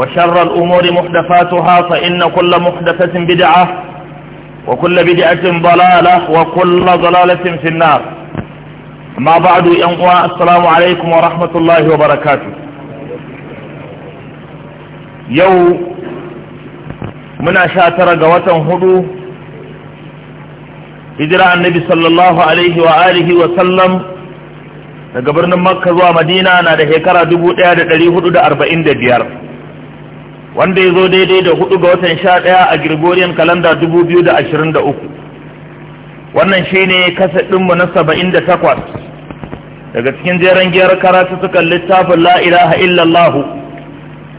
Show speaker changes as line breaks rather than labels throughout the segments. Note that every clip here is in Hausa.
وشر الأمور محدثاتها فإن كل محدثة بدعة وكل بدعة ضلالة وكل ضلالة في النار ما بعد ينقوى السلام عليكم ورحمة الله وبركاته يو من أشاتر قوة هدو هجرة النبي صلى الله عليه وآله وسلم daga birnin makka zuwa madina na da shekara 1445 wanda ya zo daidai da hudu ga watan sha ɗaya a Gregorian kalanda dubu biyu da ashirin da uku wannan shi ne kasaɗinmu na saba'in da takwas daga cikin jeren giyar karatu suka littafin la'ilaha illallahu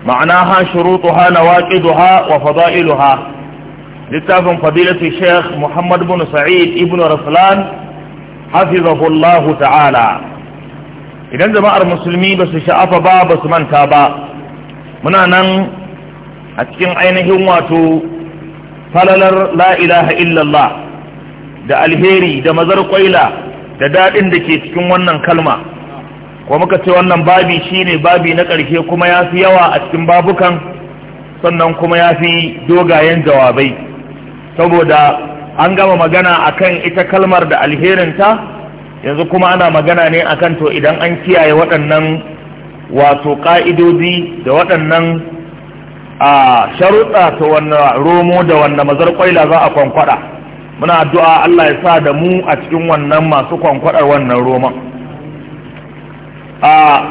ma'ana ha shuruɗu ha na waƙidu ha wa fada'ilu ha littafin fadilatu sheikh muhammad bin sa'id ibn rasulan hafizahullahu ta'ala idan jama'ar musulmi ba su sha'afa ba ba su manta ba muna nan a cikin ainihin wato falalar la ilaha illallah da alheri da mazar kwaila da daɗin da ke cikin wannan kalma kuma muka ce wannan babi shine babi na ƙarshe kuma ya fi yawa a cikin babukan sannan kuma ya fi dogayen jawabai saboda an gama magana akan ita kalmar da alherinta yanzu kuma ana magana ne akan to idan an kiyaye waɗannan wato ƙa'idodi da waɗannan a sharuɗa ta wannan romo da wannan mazar kwaila za a kwankwada muna addu'a Allah ya sa da mu a cikin wannan masu kwankwaɗar wannan roman a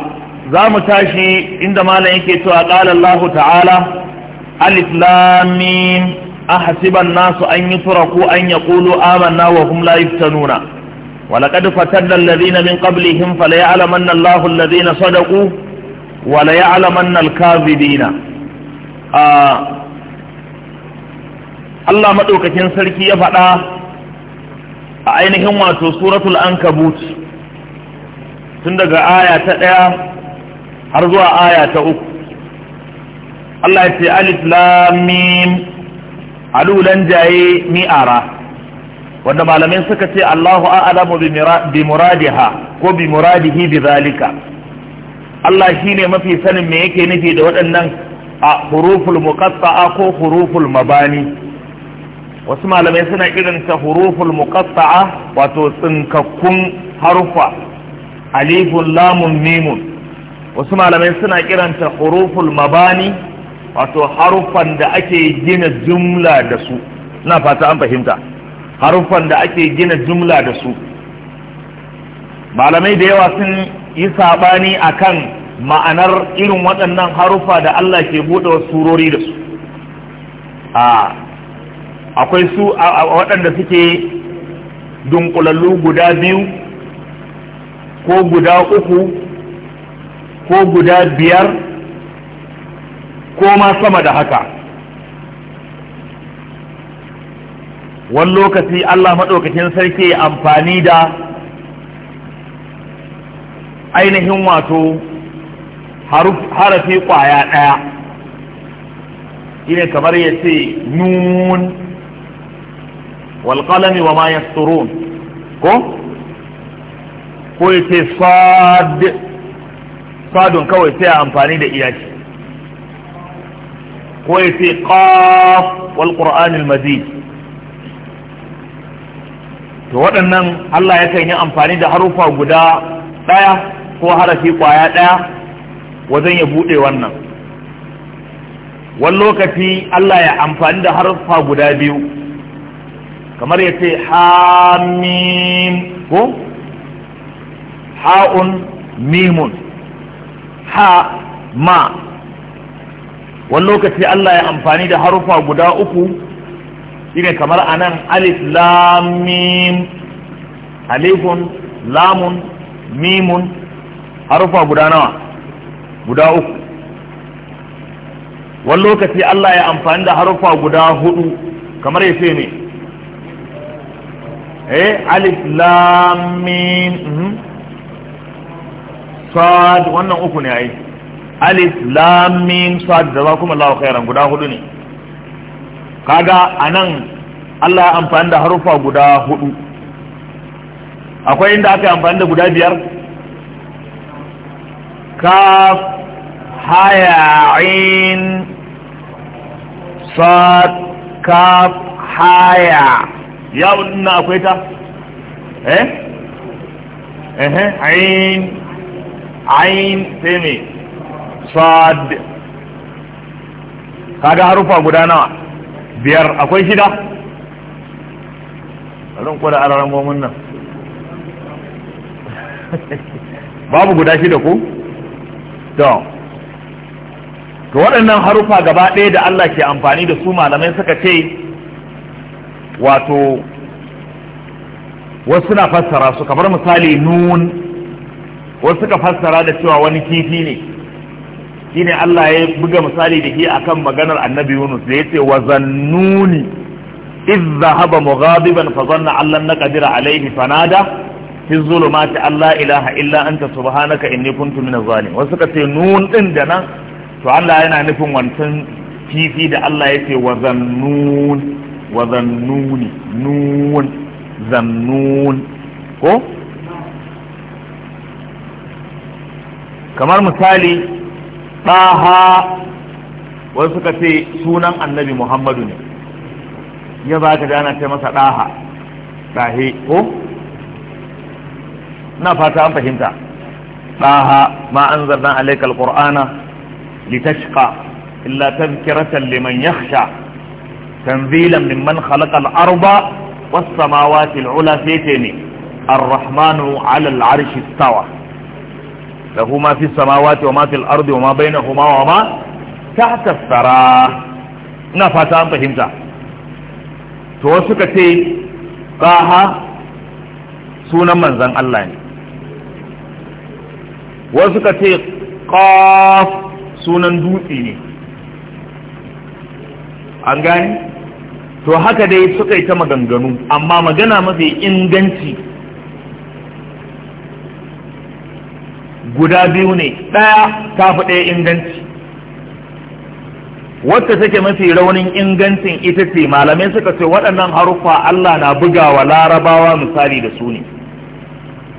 za mu tashi inda malam yake cewa qala Allah ta'ala alif lam ahsiban nasu an yutraku an yaqulu amanna wa hum la yaftanuna ولقد فتن الذين من قبلهم فليعلمن الله الذين صدقوا وليعلمن الكاذبين Allah maɗaukakin sarki ya faɗa a ainihin wato suratul ankabut tun daga aya ta ɗaya har zuwa aya ta uku Allah ya ce alif lamim alulan jaye mi'ara wanda malamin suka ce Allahu a'lamu bi muradiha ko bi muradihi bi zalika Allah shine mafi sanin me yake nufi da waɗannan a huruful muqatta'a ko huruful mabani wasu malamai suna kiranta huruful muqatta'a wato tsinkakkun harfa alifun lamun mimun wasu malamai suna kiranta huruful mabani wato harufan da ake gina jumla da su na fata an fahimta harufan da ake gina jumla da su malamai da yawa sun yi sabani akan ma'anar irin waɗannan harufa da Allah ke buɗe surori da su akwai su waɗanda suke dunkulallu guda biyu ko guda uku ko guda biyar ko ma sama da haka wani lokaci Allah maɗaukacin sarki amfani da ainihin wato harafi kwaya ɗaya shine kamar ya ce nun walƙalami wa ma yasturun ko ko ya ce sad sadun kawai sai a amfani da iyaki ko ya ce qaf wal qur'anil mazid to waɗannan Allah ya yakan yi amfani da harufa guda ɗaya ko harafi kwaya ɗaya wajen ya buɗe wannan wani lokaci Allah ya amfani da harfa guda biyu kamar ya ce hamim ko ha'un mimun ha ma wani lokaci Allah ya amfani da harfa guda uku shine kamar a alif lam mim alifun lamun mimun harfa guda nawa guda uku wani lokaci Allah ya amfani da harufa guda hudu kamar ya ce ne eh alif lam mim mhm, sad wannan uku ne ai alif lam mim sad jazakumullahu khairan guda hudu ne kaga anan Allah ya amfani da harufa guda hudu akwai inda aka yi amfani da guda biyar kaf hayayin sad kaf haya ya na akwai ta eh eh ayin ayin sai sad kaga harufa guda nawa biyar akwai shida ran da araran gomin nan babu guda shida ko? don to waɗannan harufa gaba ɗaya da Allah ke amfani da su malamai suka ce wato wasu na fassara su kamar misali nun wasu suka fassara da cewa wani kifi ne shine Allah ya buga misali da a akan maganar annabi Yunus da yace wa zannuni iz zahaba mughabiban fa zanna allan naqdira alayhi fanada fi zulumati alla ilaha illa anta subhanaka inni kuntu minaz zalimin wasu suka ce nun din da nan to Allah yana nufin wancan kifi da Allah ya ce wa zannun wa zannuni nun zannun ko kamar misali ɗaha wasu suka ce sunan annabi muhammadu ne ya za ka ana ce masa ɗaha ɗahe ko na fata an fahimta ɗaha ma an zarna alaikal qur'ana litashqa illa tadhkiratan liman yakhsha tanzilan mimman khalaqa al-arda was-samawati al-ula saytini ar-rahmanu 'ala al-'arshi istawa lahu ma fi as-samawati wa ma fi ardi wa ma bainahuma wa ma tahta as ina fata an fahimta wasu ka ce sunan manzan Allah wasu ka ce sunan dutse ne an gani to haka dai suka yi ta maganganu amma magana mafi inganci guda biyu ne ɗaya ta fi ɗaya inganci wacce take mafi raunin ingancin ita ce malamai suka ce waɗannan haruffa Allah na bugawa larabawa misali da su ne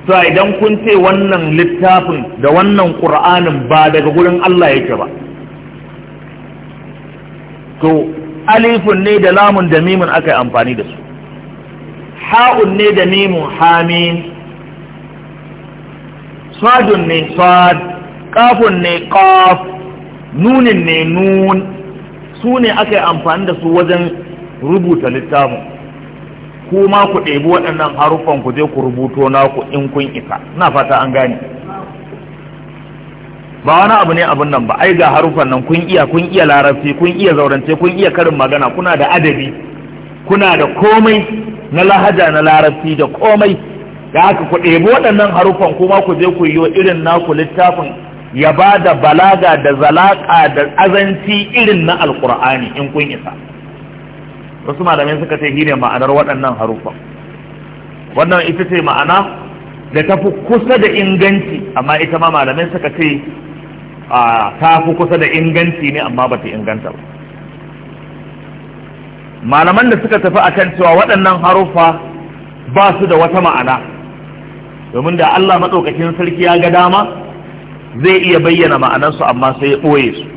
to idan kun ce wannan littafin da wannan ƙur'anin ba daga gurin Allah yake ba to alifun ne da lamun da mimun aka yi amfani da su ha'un ne da mimun hamin sadun ne sad kafun ne kaf nunin ne nun su ne aka yi amfani da su wajen rubuta littafin ku ma ku ɗebi waɗannan haruffan ku je ku rubuto naku in kun isa na fata an gane ba wani abu ne abun nan ba ai ga haruffan nan kun iya kun iya larabci kun iya zaurance kun iya karin magana kuna da adabi kuna da komai na lahaja na larabci da komai da haka ku ɗebi waɗannan haruffan kuma ku je ku yi irin naku littafin ya ba da balaga da zalaƙa da azanci irin na Alkur'ani in kun isa wasu malamai suka ce shine ma'anar waɗannan haruffan wannan ita ce ma'ana da ta fi kusa da inganci amma ita ma malamai suka ce ta fi kusa da inganci ne amma ba ta inganta ba malaman da suka tafi akan cewa waɗannan haruffa ba su da wata ma'ana domin da Allah maɗaukakin sarki ya ga dama zai iya bayyana ma'anarsu amma sai ya ɓoye su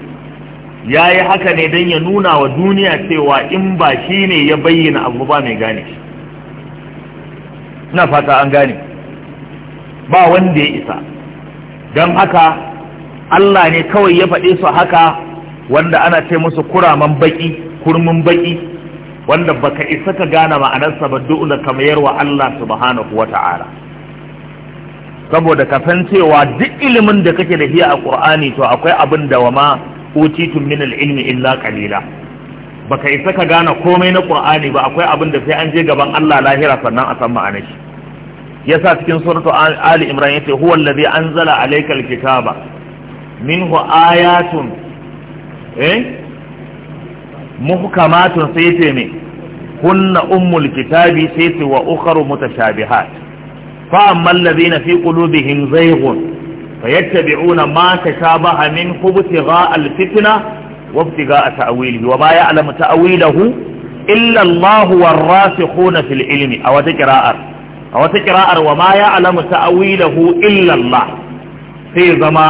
ya yi haka ne don ya nuna wa duniya cewa in ba shi ne ya bayyana abu ba mai gane shi na fata an gane ba wanda ya isa don haka Allah ne kawai ya faɗi su haka wanda ana ce musu kuraman baƙi kurmin baƙi wanda baka isa ka gane ma'anarsa ba da kamar wa Allah subhanahu wa ta'ala saboda ka cewa duk ilimin da kake da hiya a ƙur'ani to akwai abin da wa ma Utitun min ilmi illa kalila baka isa ka gane komai na qur'ani ba akwai abin da sai an je gaban Allah lahira sannan a san ma'anar shi yasa cikin suratu ali imran yace huwa allazi anzala alayka al-kitaba minhu ayatun eh muhkamatun sai yace me kunna ummul kitabi sai yace wa ukhra mutashabihat fa amma allazina fi qulubihim zayghun fayattabi'una ma tashabaha min hubtigha al-fitna wa ibtigha ta'wilihi wa ma ya'lamu ta'wilahu illa Allah war-rasikhuna fil ilmi aw taqra'ar aw taqra'ar wa ma ya'lamu ta'wilahu illa Allah sai zama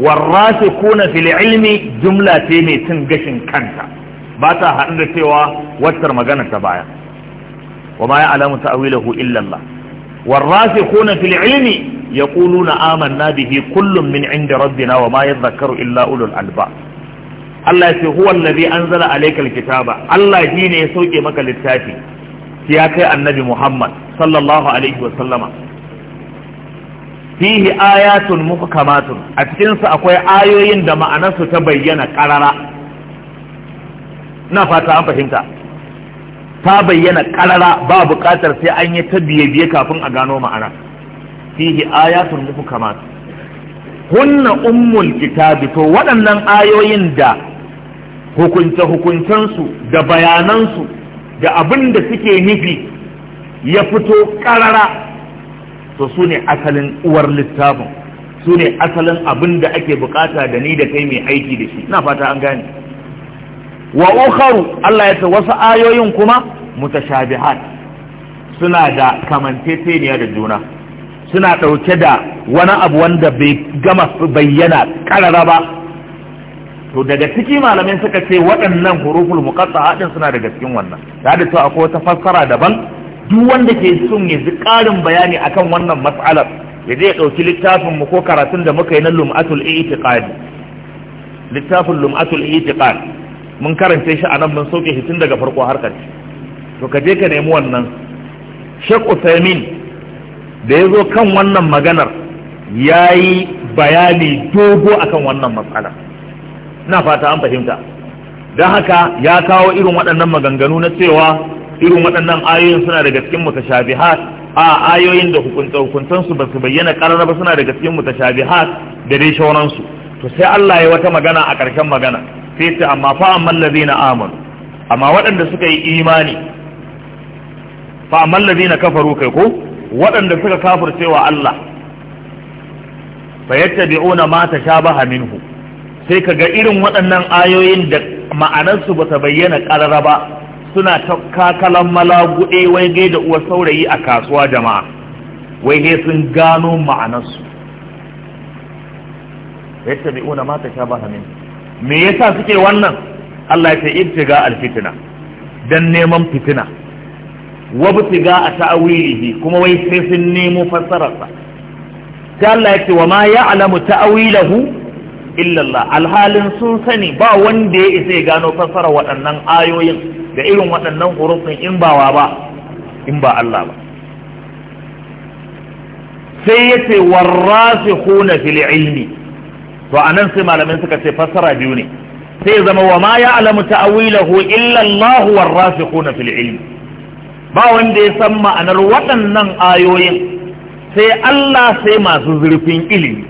war-rasikhuna fil ilmi jumla ce mai cin gashin kanta ba ta da cewa wattar magana ta baya wa ma ya'lamu ta'wilahu illa ilmi Ya yaquluna amanna bihi kullum min inda rabbina wa ma yadhakkaru illa ulul alba Allah ce huwa allazi anzala alaykal kitaba Allah shi ne ya sauke maka littafi ya kai annabi Muhammad sallallahu alaihi wa sallama fihi ayatun muhkamatun a cikin akwai ayoyin da ma'anarsu ta bayyana ƙarara. na fata an fahimta ta bayyana karara ba buƙatar sai an yi ta biye-biye kafin a gano ma'ana fihi ayatun muhkamat hunna ummul kitabi to waɗannan ayoyin da hukunce hukuncensu da bayanansu da abin da suke nufi ya fito ƙarara to su ne asalin uwar littafin sune asalin abin da ake bukata da ni da kai mai aiki da shi na fata an gane wa ukharu Allah ya ce wasu ayoyin kuma mutashabihat suna da kamanteceniya da juna suna ɗauke da wani abu wanda bai gama bayyana karara ba to daga ciki malamai suka ce waɗannan huruful muqatta haɗin suna daga cikin wannan da da to akwai wata fassara daban duk wanda ke son ya ji ƙarin bayani akan wannan mas'alar ya je ya ɗauki littafin mu ko karatun da muka yi na lum'atul i'tiqad littafin lum'atul i'tiqad mun karance shi a nan mun sauke shi tun daga farko har ƙarshe to ka je ka nemi wannan Sheikh Uthaymeen da ya zo kan wannan maganar ya yi bayani dogo akan wannan matsala na fata an fahimta don haka ya kawo irin waɗannan maganganu na cewa irin waɗannan ayoyin suna daga cikin mutashabihat a ayoyin da hukuntansu ba su bayyana ƙarar ba suna daga cikin mutashabihat da dai shauransu to sai Allah ya wata magana a ƙarshen magana sai ce amma fa amman ladina amanu amma waɗanda suka yi imani fa amman ladina kafaru kai ko waɗanda suka cewa Allah bi'una ma ta tashabaha minhu sai ka ga irin waɗannan ayoyin da ma'anarsu ba ta bayyana ƙarara ba suna ta kakalan malaguɗe wai gai da uwar saurayi a kasuwa jama'a wai ne sun gano ma'anarsu yattabi'una ma tashabaha hamin me yasa suke wannan Allah ya ce ibtiga alfitina dan neman fitina wabtiga a ta'awilihi kuma wai sai sun nemo fassararsa ta Allah yake wa ma ya'lamu ta'awilahu illa Allah alhalin sun sani ba wanda ya isa ya gano fassara waɗannan ayoyin da irin waɗannan hurufin in ba wa ba in ba Allah ba sai yace warasikhuna fil ilmi to anan sai malamin suka ce fassara biyu ne sai zama wa ma ya'lamu ta'awilahu illa Allah warasikhuna fil ilmi ba wanda ya san ma'anar waɗannan ayoyin sai Allah sai masu zurfin ilimi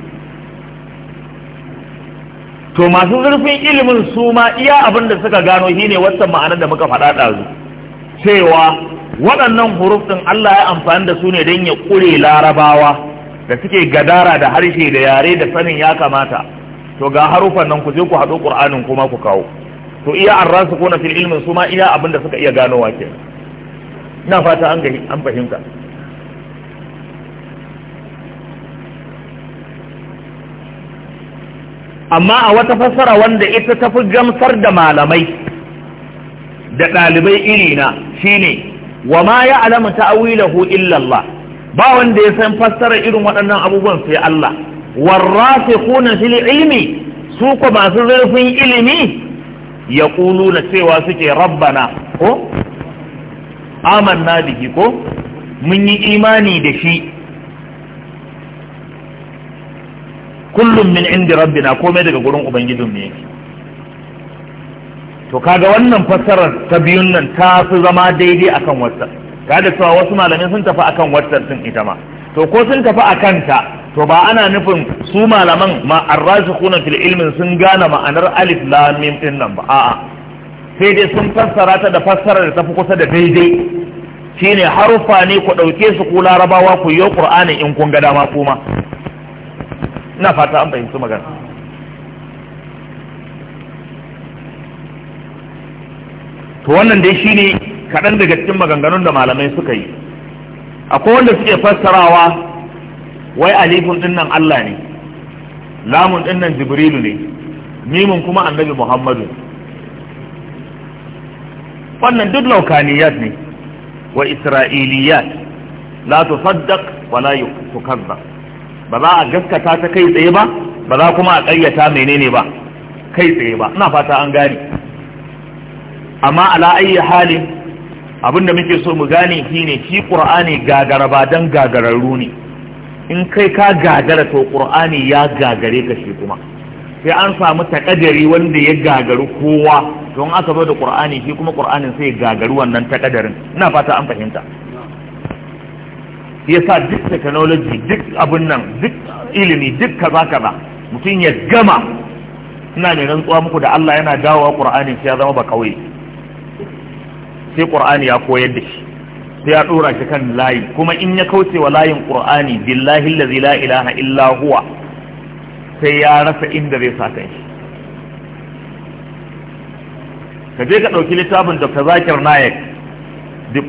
to masu zurfin ilimin su ma iya abin da suka gano ne wata ma'anar da muka faɗa ɗazu cewa waɗannan huruf ɗin Allah ya amfani da su ne don ya ƙure larabawa da suke gadara da harshe da yare da sanin ya kamata to ga harufan nan ku je ku haɗo ƙur'anin kuma ku kawo to iya an rasu na fil ilimin su ma iya abin da suka iya ganowa kenan na fata an fahimta amma a wata fassara wanda ita ta fi gamsar da malamai da ɗalibai irina shine wa ma ya alamu ta'awilahu illallah ba wanda ya san fassara irin waɗannan abubuwan sai Allah warrasikhuna fil ilmi su ko masu zurfin ilimi yaquluna cewa suke rabbana ko amanna bihi ko mun yi imani da shi kullum min indi rabbina komai daga gurin ubangijin mu yake to kaga wannan fassarar ta biyun nan ta fi zama daidai akan wata kaga cewa wasu malamai sun tafi akan wata sun ita ma to ko sun tafi akan ta to ba ana nufin su malaman ma arrasikuna fil ilmin sun gane ma'anar alif lam mim din nan ba a'a sai dai sun fassara ta da fassara da tafi kusa da daidai shine harufa ne ku ɗauke su ku larabawa ku yi ƙur'ani in kun ga dama kuma ina fata an fahimci magana to wannan dai shine kaɗan daga cikin maganganun da malamai suka yi akwai wanda suke fassarawa wai alifun dinnan Allah ne lamun dinnan jibrilu ne mimun kuma annabi muhammadu wannan duk laukaniyat ne wa isra'iliyat la tusaddaq wa la tukazza ba za a gaskata ta kai tsaye ba ba za kuma a ƙayyata menene ba kai tsaye ba ina fata an gane amma ala ayyi halin abinda muke so mu gane shine shi qur'ani gagara ba dan gagararru ne in kai ka gagara to qur'ani ya gagare ka shi kuma sai an samu takadari wanda ya gagaru kowa don aka zo da qur'ani shi kuma qur'anin sai gagaru wannan takadarin ina fata an fahimta yasa duk technology duk abun nan duk ilimi duk kaza kaza mutum ya gama ina ne rantsuwa muku da Allah yana dawowa qur'ani sai ya zama ba kawai sai qur'ani ya koyar da shi sai ya dora shi kan layi kuma in ya kauce wa layin qur'ani billahi allazi la ilaha illa huwa sai ya rasa inda zai sa kanshi ka je ka ɗauki littafin dr zakir naik the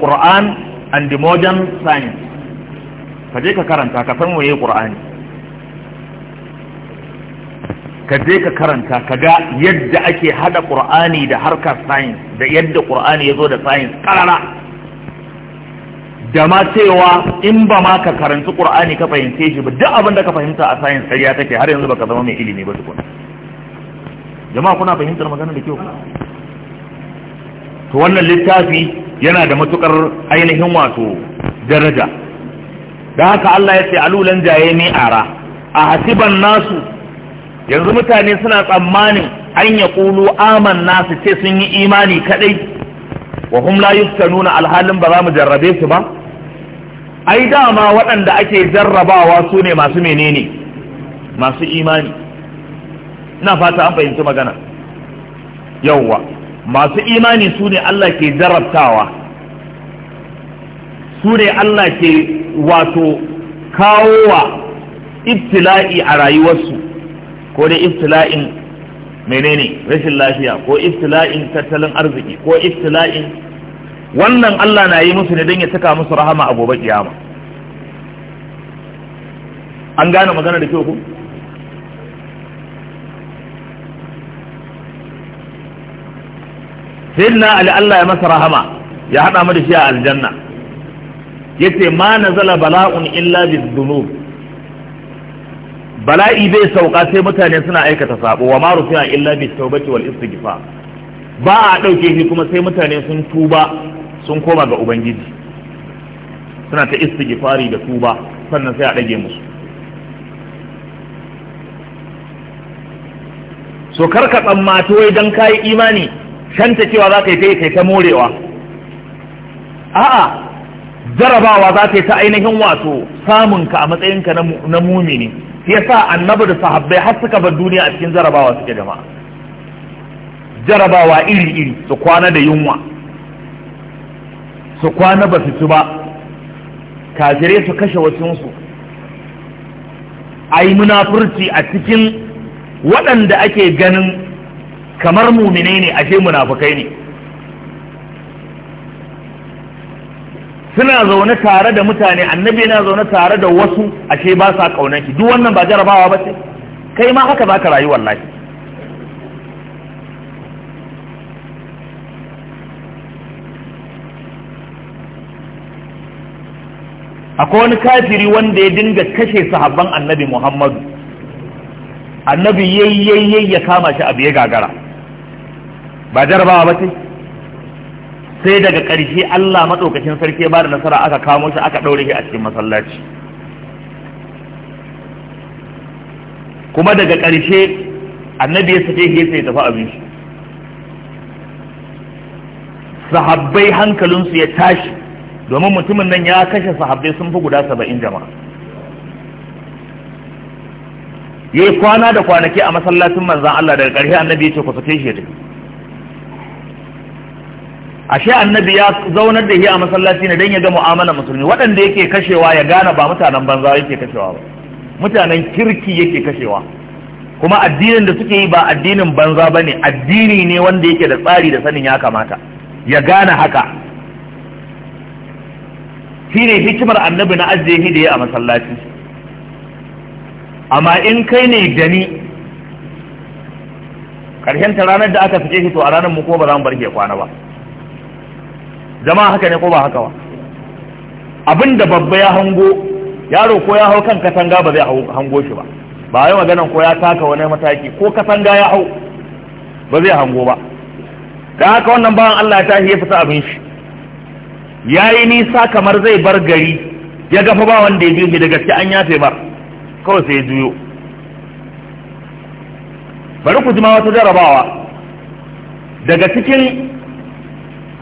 quran and the modern science ka je ka karanta ka san waye qur'ani ka je ka karanta ka ga yadda ake hada qur'ani da harkar science da yadda qur'ani ya zo da science karara da ma cewa in ba ma ka karanci qur'ani ka fahimce shi ba duk abin da ka fahimta a science kariya take har yanzu baka zama mai ilimi ba tukuna jama'a kuna fahimtar magana da kyau to wannan littafi yana da matukar ainihin wato daraja da haka Allah ya ce alulan jaye ni ara a hasiban nasu yanzu mutane suna tsammanin an ya kulu aman nasu ce sun yi imani kadai wa hum la yuftanuna alhalin ba za mu jarrabe su ba ai dama waɗanda ake jarrabawa su ne masu menene masu imani ina fata an fahimci magana yawwa masu imani su ne Allah ke jarabtawa su ne Allah ke wato kawowa wa ibtila'i a rayuwarsu ko dai ibtila'in menene rashin lafiya ko ibtila'in tattalin arziki ko ibtila'in wannan Allah na yi musu ne don ya saka musu rahama a gobe kiyama an gane magana da kyau ku na ali Allah ya masa rahama ya hada mu da shi a aljanna yace ma nazala bala'un illa bidhunub bala'i bai sauka sai mutane suna aikata sabo wa ma rufi'a illa bitawbati wal istighfar ba a dauke shi kuma sai mutane sun tuba sun koma ga ubangiji suna ta istighfari da tuba sannan sai a dage musu so karka tsammaci wai dan kayi imani shanta cewa za ka yi ta kai ta morewa a'a jarabawa za ta yi ta ainihin wato samunka a matsayinka na mumini ya sa annabi da sahabbai har suka bar duniya a cikin jarabawa suke jama'a jarabawa iri-iri su kwana da yunwa su kwana ba su ci ba kajire su kashe wasunsu a yi munafurci a cikin waɗanda ake ganin kamar mumine ne ashe munafukai ne suna zaune tare da mutane annabi yana zaune tare da wasu ashe ba sa kaunar ki duk wannan ba jarabawa ba ce kai ma haka zaka rayu wallahi akwai wani kafiri wanda ya dinga kashe sahabban annabi muhammadu annabi yayyayyay ya kama shi abu ya gagara ba jarabawa ba ce sai daga ƙarshe Allah maɗaukacin sarki ya bada nasara aka kamo shi aka ɗaure shi a cikin masallaci kuma daga ƙarshe annabi ya sake shi sai tafi abin shi sahabbai hankalinsu ya tashi domin mutumin nan ya kashe sahabbai sun fi guda saba'in jama'a ya yi kwana da kwanaki a masallacin manzan Allah daga ƙarshe annabi ya ce ku sake shi ya tafi ashe annabi ya zaunar da shi a masallaci ne dan ya ga mu'amala musulmi waɗanda yake kashewa ya gane ba mutanen banza yake kashewa ba mutanen kirki yake kashewa kuma addinin da suke yi ba addinin banza bane addini ne wanda yake da tsari da sanin ya kamata ya gane haka shi ne hikimar annabi na ajiye da ya a masallaci amma in kai ne gani karshen ta ranar da aka fice shi to a ranar mu ko ba za mu bar ya kwana ba zama haka ne ko ba haka ba abinda babba ya hango yaro ko ya hau kan katanga ba zai hango shi ba ba yi maganan ko ya taka wani mataki ko katanga ya hau ba zai hango ba da haka wannan bawan Allah ya tashi ya fita abin shi ya yi nisa kamar zai bar gari ya gafa ba wanda ya biyu shi da gaske an yafe ba kawai sai ya juyo bari ku jima wata jarabawa daga cikin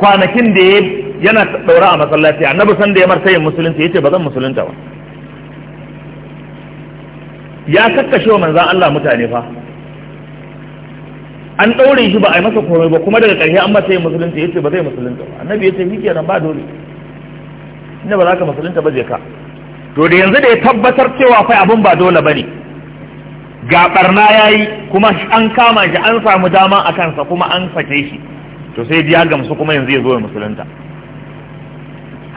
kwanakin da ya yana daura a masallaci annabi san da ya martayin musulunci yace ba zan musulunta ba ya kakkashe wa manzan Allah mutane fa an daure shi ba a yi masa komai ba kuma daga karshe an martayin musulunci yace ba zai musulunta ba annabi yace shi kenan ba dole inda ba za ka musulunta ba je ka to da yanzu da ya tabbatar cewa fa abun ba dole bane ga barna ya yi kuma an kama shi an samu dama a kansa kuma an sake shi to sai ya gamsu kuma yanzu ya zo ya musulunta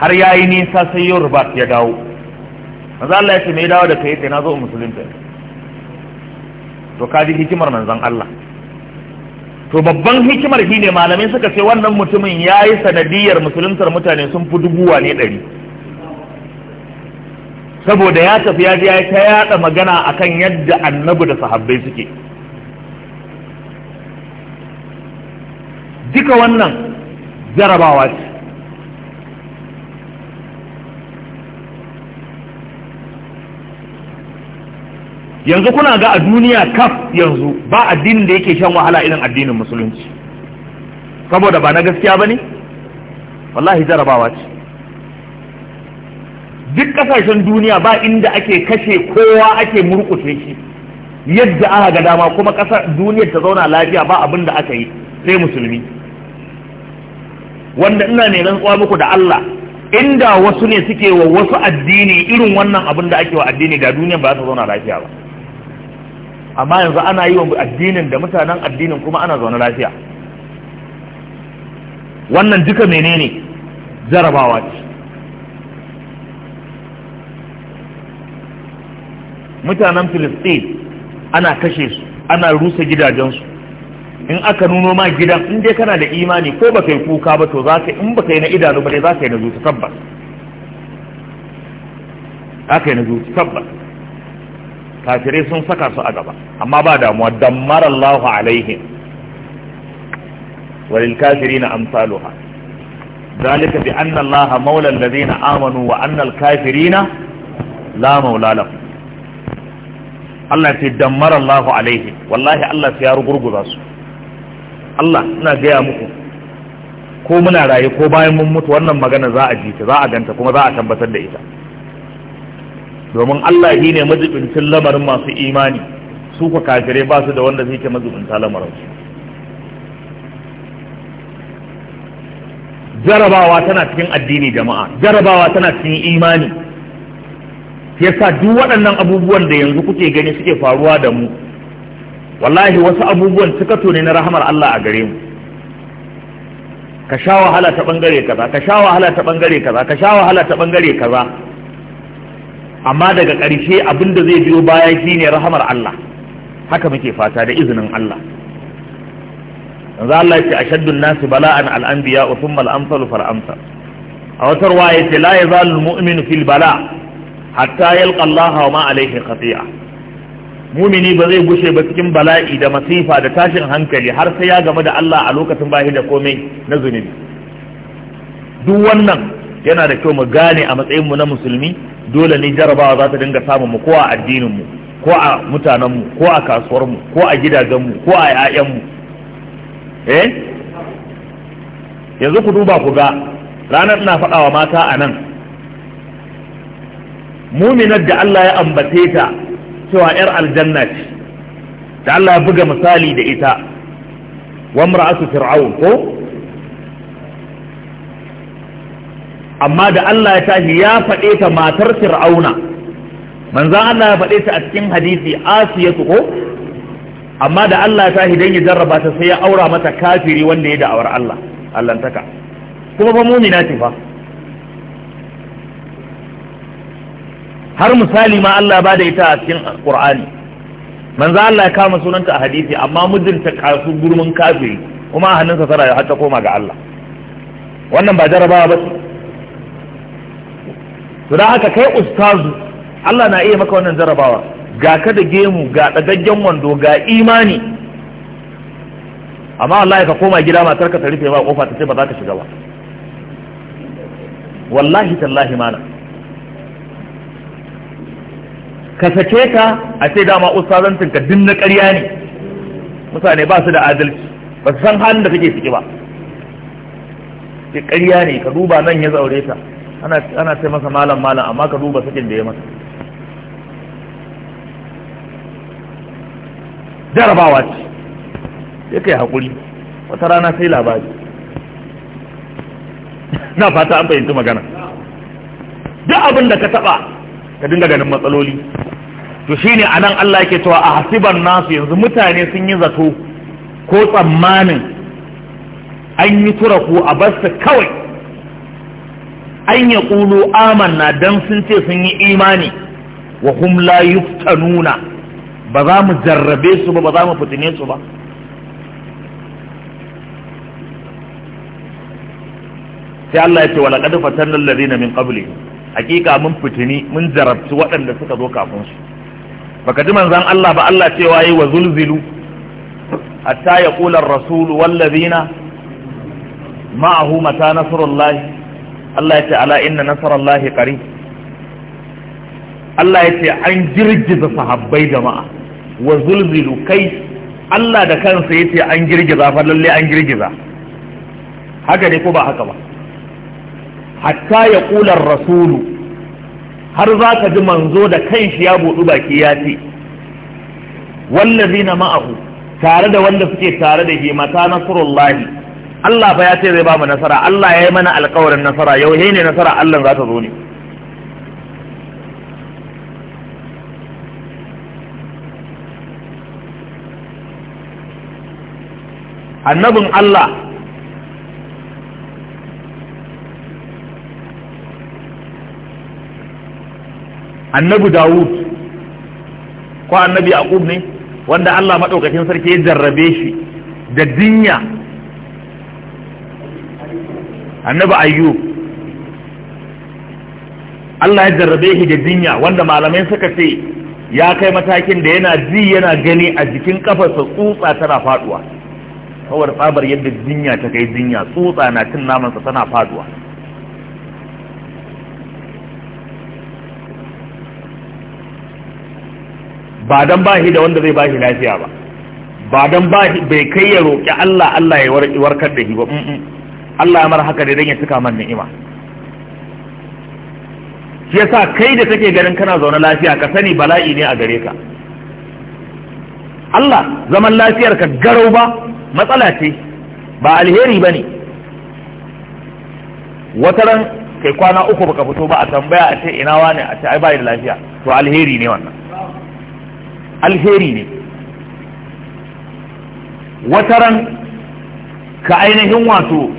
har ya yi nisa sai yau ya dawo manzo Allah ya ce me dawo da kai sai na zo musulunta to ka ji hikimar manzon Allah to babban hikimar shi ne malamai suka ce wannan mutumin ya yi sanadiyar musuluntar mutane sun fi dubu ne ɗari saboda ya tafi ya ya ta yaɗa magana akan yadda annabi da sahabbai suke duka wannan jarabawa ce yanzu kuna ga a duniya kaf yanzu ba addinin da yake shan wahala irin addinin musulunci saboda ba na gaskiya ba ne wallahi jarabawa ce duk kasashen duniya ba inda ake kashe kowa ake murkushe shi yadda aka ga dama kuma kasar duniyar ta zauna lafiya ba abin da aka yi sai musulmi wanda ina ne rantsuwa muku da Allah inda wasu ne suke wa wasu addini irin wannan abin da ake wa addini da duniya ba za ta zauna lafiya ba amma yanzu ana yi wa addinin da mutanen addinin kuma ana zaune lafiya wannan duka menene jarabawa ce mutanen filistin ana kashe su ana rusa gidajensu in aka nuno ma gidan in dai kana da imani ko baka yi kuka ba to zaka in baka yi na idanu ba dai zaka yi na zuci tabbas zaka yi na zuci tabbas kafirai sun saka su a gaba amma ba damuwa dammar Allahu alaihim walil kafirina amsaluha zalika bi anna Allah maula allazina amanu wa anna al kafirina la maula lahum Allah ce mara Lahu alaihim wallahi Allah sai ya rugurguza su Allah ina gaya muku ko muna raye ko bayan mun mutu wannan magana za a ji ta za a ganta kuma za a tabbatar da ita domin Allah shi ne majibincin lamarin masu imani su ku kafirai ba su da wanda zai ke majibinta lamarin su jarabawa tana cikin addini jama'a jarabawa tana cikin imani yasa duk waɗannan abubuwan da yanzu kuke gani suke faruwa da mu wallahi wasu abubuwan cikato ne na rahamar Allah a gare mu ka sha wahala ta bangare kaza ka sha wahala ta bangare kaza ka sha wahala ta bangare kaza amma daga ƙarshe abin da zai biyo baya shine rahamar Allah haka muke fata da izinin Allah yanzu Allah ya ce nasi bala'an al-anbiya wa thumma al a wata ruwa ya ce la ya za mu'minu fil bala hatta yalqa Allah wa ma alaihi khati'a mumini ba zai gushe ba cikin bala'i da masifa da tashin hankali har sai ya game da Allah a lokacin bahi da komai na zunubi duk wannan yana da kyau mu gane a matsayin mu na musulmi dole ne jarabawa za ta dinga samun mu ko a addinin mu ko a mutanen mu ko a kasuwar mu ko a gidajen mu ko a ƴaƴan mu eh yanzu ku duba ku ga ranar ina faɗa wa mata a nan muminar da Allah ya ambace ta cewa 'yar aljanna ce da Allah ya buga misali da ita wa fir'aun ko amma da Allah ya tashi ya faɗe ta matar fir'auna manzan Allah ya faɗe ta a cikin hadisi asiya ko amma da Allah ya tashi dan ya jarraba ta sai ya aura mata kafiri wanda ya da'awar Allah allantaka kuma fa mumina ce fa har misali ma Allah ba da ita a cikin Qur'ani manzo Allah ya kama sunanta a hadisi amma mijinta kasu gurmin kafiri kuma a hannunsa tara ya ta koma ga Allah wannan ba jarabawa ba ce to dan haka kai ustazu Allah na iya maka wannan jarabawa ga ka da gemu ga dagaggen wando ga imani amma Allah ka koma gida matar ka ta rufe ba kofa ta ce ba za ka shiga ba wallahi tallahi mana ka sake ka a ce dama ustazantin ka dinna ƙarya ne mutane ba su da adalci ba su san halin da kake ciki ba ƙarya ne ka duba nan ya zaure ta ana ce masa malam malam amma ka duba sakin da ya masa jarabawa ce ya kai haƙuri wata rana sai labari na fata an fahimci magana duk abin da ka taɓa ka dinga ganin matsaloli to shi a anan Allah yake cewa a hasiban nasu yanzu mutane sun yi zato ko tsammanin an yi tura ku a bar kawai an ya ƙulu amanna don sun ce sun yi imani wa hum la yuftanuna ba za mu jarrabe su ba ba za mu fitine su ba sai Allah ya ce wa laqad fatanna alladhina min qabli hakika mun fitini mun jarabci waɗanda suka zo kafin su baka ji manzon Allah ba Allah cewa yi wa zulzilu hatta yaqula ar-rasul wal ladina ma'ahu mata nasrullah Allah ya ce ala inna nasarar lahi qarib Allah ya ce an girgiza sahabbai jama'a wa zulzilu kai Allah da kansa ya ce an girgiza fa lalle an girgiza haka ne ko ba haka ba hatta ya kular rasulu har za ka ji manzo da kanshi ya buɗu baki ya ce wallazina ma'ahu tare da wanda suke tare da shi mata lahi. Allah fa ya ce zai ba mu nasara Allah ya yi mana alkawarin nasara yau he ne nasara Allah za ta zo ne annabin Allah annabi Dawud ko annabi Yaqub ne wanda Allah madaukakin sarki ya jarrabe shi da dinya annabi ayyub Allah ya jarrabe shi da jinya wanda malamai suka ce ya kai matakin da yana ji yana gani a jikin kafarsa tsutsa tana faduwa kawar tsabar yadda jinya ta kai jinya tsutsa na cin namansa tana faduwa ba don ba shi da wanda zai ba shi lafiya ba ba don ba bai kai ya roƙi Allah Allah ya warkar da shi ba Allah ya mara haka da ya cika man ni'ima shi yasa kai da take ganin kana zaune lafiya ka sani bala'i ne a gare ka Allah zaman lafiyar ka garau ba matsala ce ba alheri ba ne wataran kai kwana uku baka fito ba a tambaya a ce ina wane a ce ai da lafiya to alheri ne wannan alheri ne wataran ka ainihin wato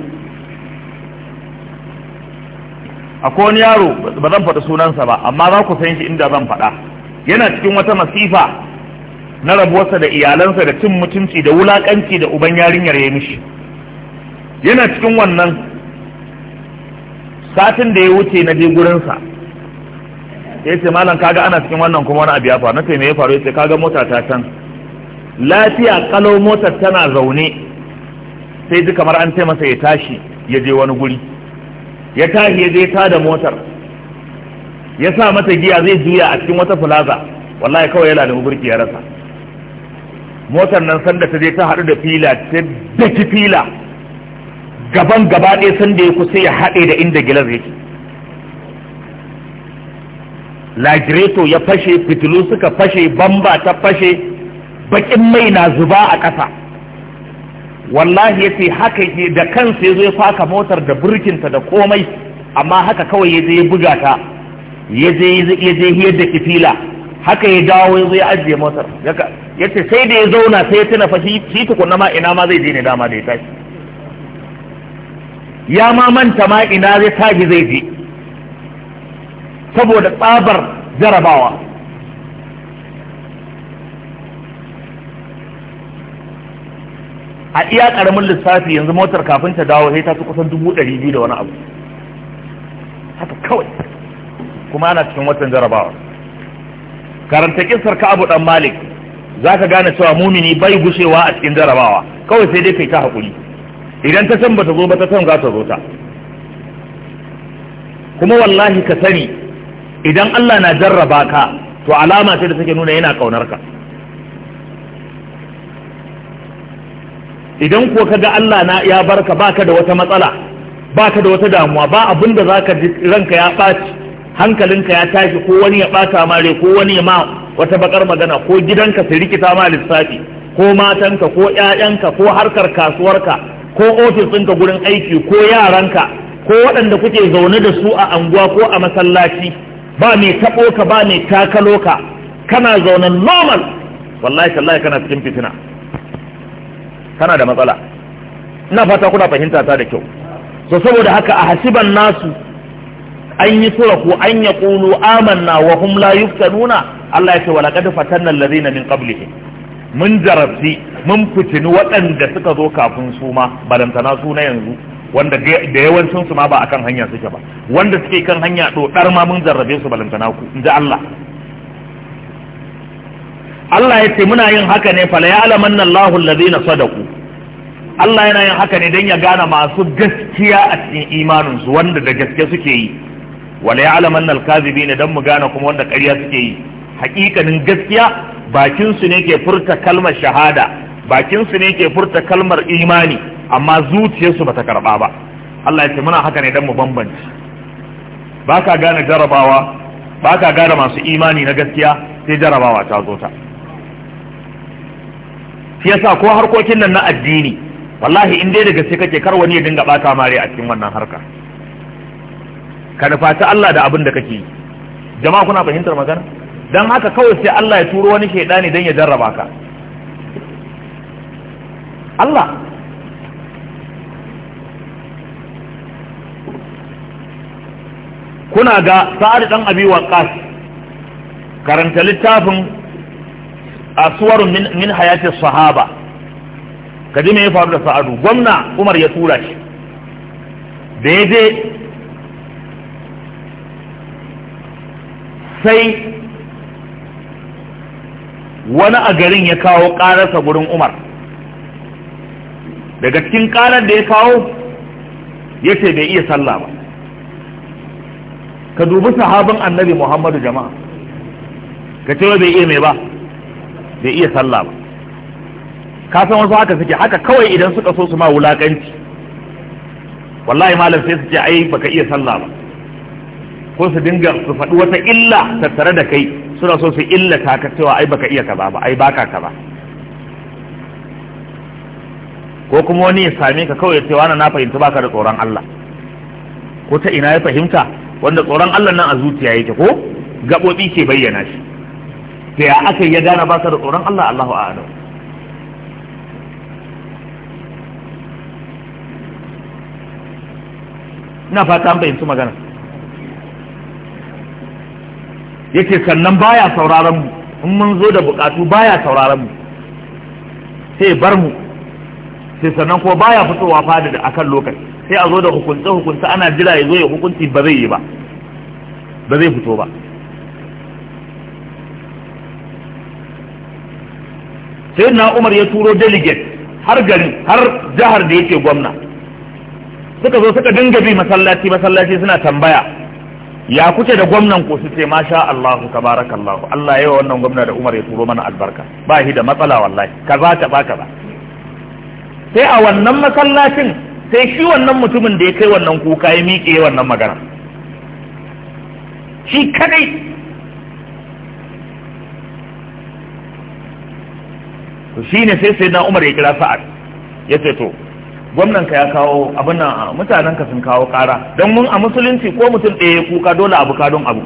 akwai wani yaro ba zan faɗi sunansa ba amma za ku san shi inda zan faɗa yana cikin wata masifa na rabuwarsa da iyalansa da cin mutunci da wulakanci da uban yarinyar ya mishi yana cikin wannan satin da ya wuce na je gurinsa ya ce malam kaga ana cikin wannan kuma wani abu ya faru na ce me ya faru ya ce kaga mota ta can lafiya kalau motar tana zaune sai ji kamar an ce ya tashi ya je wani guri ya tashi ya je ta da motar ya sa mata giya zai juya a cikin wata plaza wallahi kawai ya da burki ya rasa motar nan sanda ta je ta haɗu da fila ta daki fila gaban gaba ɗaya sanda ya kusa ya haɗe da inda gilas yake lagireto ya fashe fitilu suka fashe bamba ta fashe baƙin mai na zuba a ƙasa wallahi yace haka da kansa yazo ya faka motar da burkinta da komai amma haka kawai yaje ya buga ta yaje yaje hiyar da kifila haka ya dawo yazo ya ajiye motar yace sai da ya zauna sai ya tuna fa shi shi ma ina ma zai je ne dama da ya tashi ya ma manta ma ina zai tashi zai je saboda tsabar jarabawa a iya karamin lissafi yanzu motar kafin ta dawo sai ta ci kusan dubu ɗari biyu da wani abu haka kawai kuma ana cikin watan jarabawa karanta kisar ka abu dan malik za ka gane cewa mumini bai gushewa a cikin jarabawa kawai sai dai kai ta haƙuri idan ta can bata zo ba ta can za ta zo ta kuma wallahi ka sani idan Allah na jarraba ka to alama ce da take nuna yana ƙaunar ka idan ko ka ga Allah na ya barka baka da wata matsala baka da wata damuwa ba abin da zaka ranka ya ɓaci hankalinka ya tashi ko wani ya bata mare ko wani ya ma wata bakar magana ko gidanka su rikita ma lissafi ko matanka ko ƴaƴanka ko harkar kasuwarka ko ofis ɗinka gurin aiki ko yaranka ko waɗanda kuke zaune da su a anguwa ko a masallaci ba mai taɓo ka ba mai takalo ka kana zaune normal wallahi sallahi kana cikin fitina tana da matsala ina fata kuna fahimta ta da kyau so saboda haka a hasiban nasu an yi ko an ya kulu amanna wa hum la yuftanuna Allah ya ce wa laqad fatanna alladhina min qablihim mun jarabti mun fitinu waɗanda suka zo kafin su ma balantana su na yanzu wanda da yawancin su ma ba akan hanya suke ba wanda suke kan hanya to dar ma mun jarrabe su balantana ku inji Allah Allah ya ce muna yin haka ne fala ya'lamanna Allahu alladhina sadaqu Allah yana yin haka ne don ya gane masu gaskiya a cikin imaninsu, wanda da gaske suke yi wala ya'lamanna al ne don mu gane kuma wanda ƙarya suke yi hakikanin gaskiya bakinsu ne ke furta kalmar shahada bakinsu ne ke furta kalmar imani amma zuciyarsu ta karɓa ba Allah ya ce muna haka ne don mu bambance baka gane jarabawa baka gane masu imani na gaskiya sai jarabawa ta zo ta shi yasa ko harkokin nan na addini wallahi in dai daga sai kake kar wani ya dinga bata mare a cikin wannan harka ka nufaci Allah da abin da kake yi jama'a kuna fahimtar magana don haka kawai sai Allah ya turo wani shaidani dan ya jarraba ka Allah kuna ga sa'ad dan abi waqas karanta littafin asuwar min hayatin sahaba ka ji me ya faru da sa'adu gwamna umar ya tura shi da ya je sai wani a garin ya kawo ƙararsa gurin umar daga cikin ƙarar da ya kawo ya ce bai iya sallah ba ka dubi sahabin annabi muhammadu jama'a ka ce bai iya mai ba bai iya sallah ba ka san wasu haka suke haka kawai idan suka so su ma wulakanci wallahi malam sai su ce ai baka iya sallah ba ko su dinga su faɗi wata illa tattare da kai suna so su illata ka cewa ai baka iya kaza ba ai baka kaza ko kuma wani ya same ka kawai cewa na na fahimta baka da tsoron Allah ko ta ina ya fahimta wanda tsoron Allah nan a zuciya yake ko gaɓoɓi ke bayyana shi to ya aka ya gane ba sa da tsoron Allah Allahu a'lam ina fata an su magana yake sannan baya sauraron mu in mun zo da bukatu baya sauraron mu sai bar mu sai sannan kuma baya fitowa fada da akan lokaci sai a zo da hukunce hukunce ana jira ya zo ya hukunci ba zai yi ba ba zai fito ba sai na umar ya turo delegate har gari har jihar da yake gwamna suka zo suka dinga bi masallaci masallaci suna tambaya ya kuke da gwamnan ko su ce masha Allahu tabarakallahu Allah yawa wannan gwamna da Umar ya turo mana albarka ba shi da matsala wallahi kaza ta ba sai a wannan masallacin sai shi wannan mutumin da ya kai wannan kuka ya miƙe wannan magana
shi kadai
to shi ne sai sai na umar ya kira sa'ad ya ce to gwamnanka ya kawo abin nan mutanenka sun kawo kara don mun a musulunci ko mutum ɗaya ya kuka dole abu kadon abu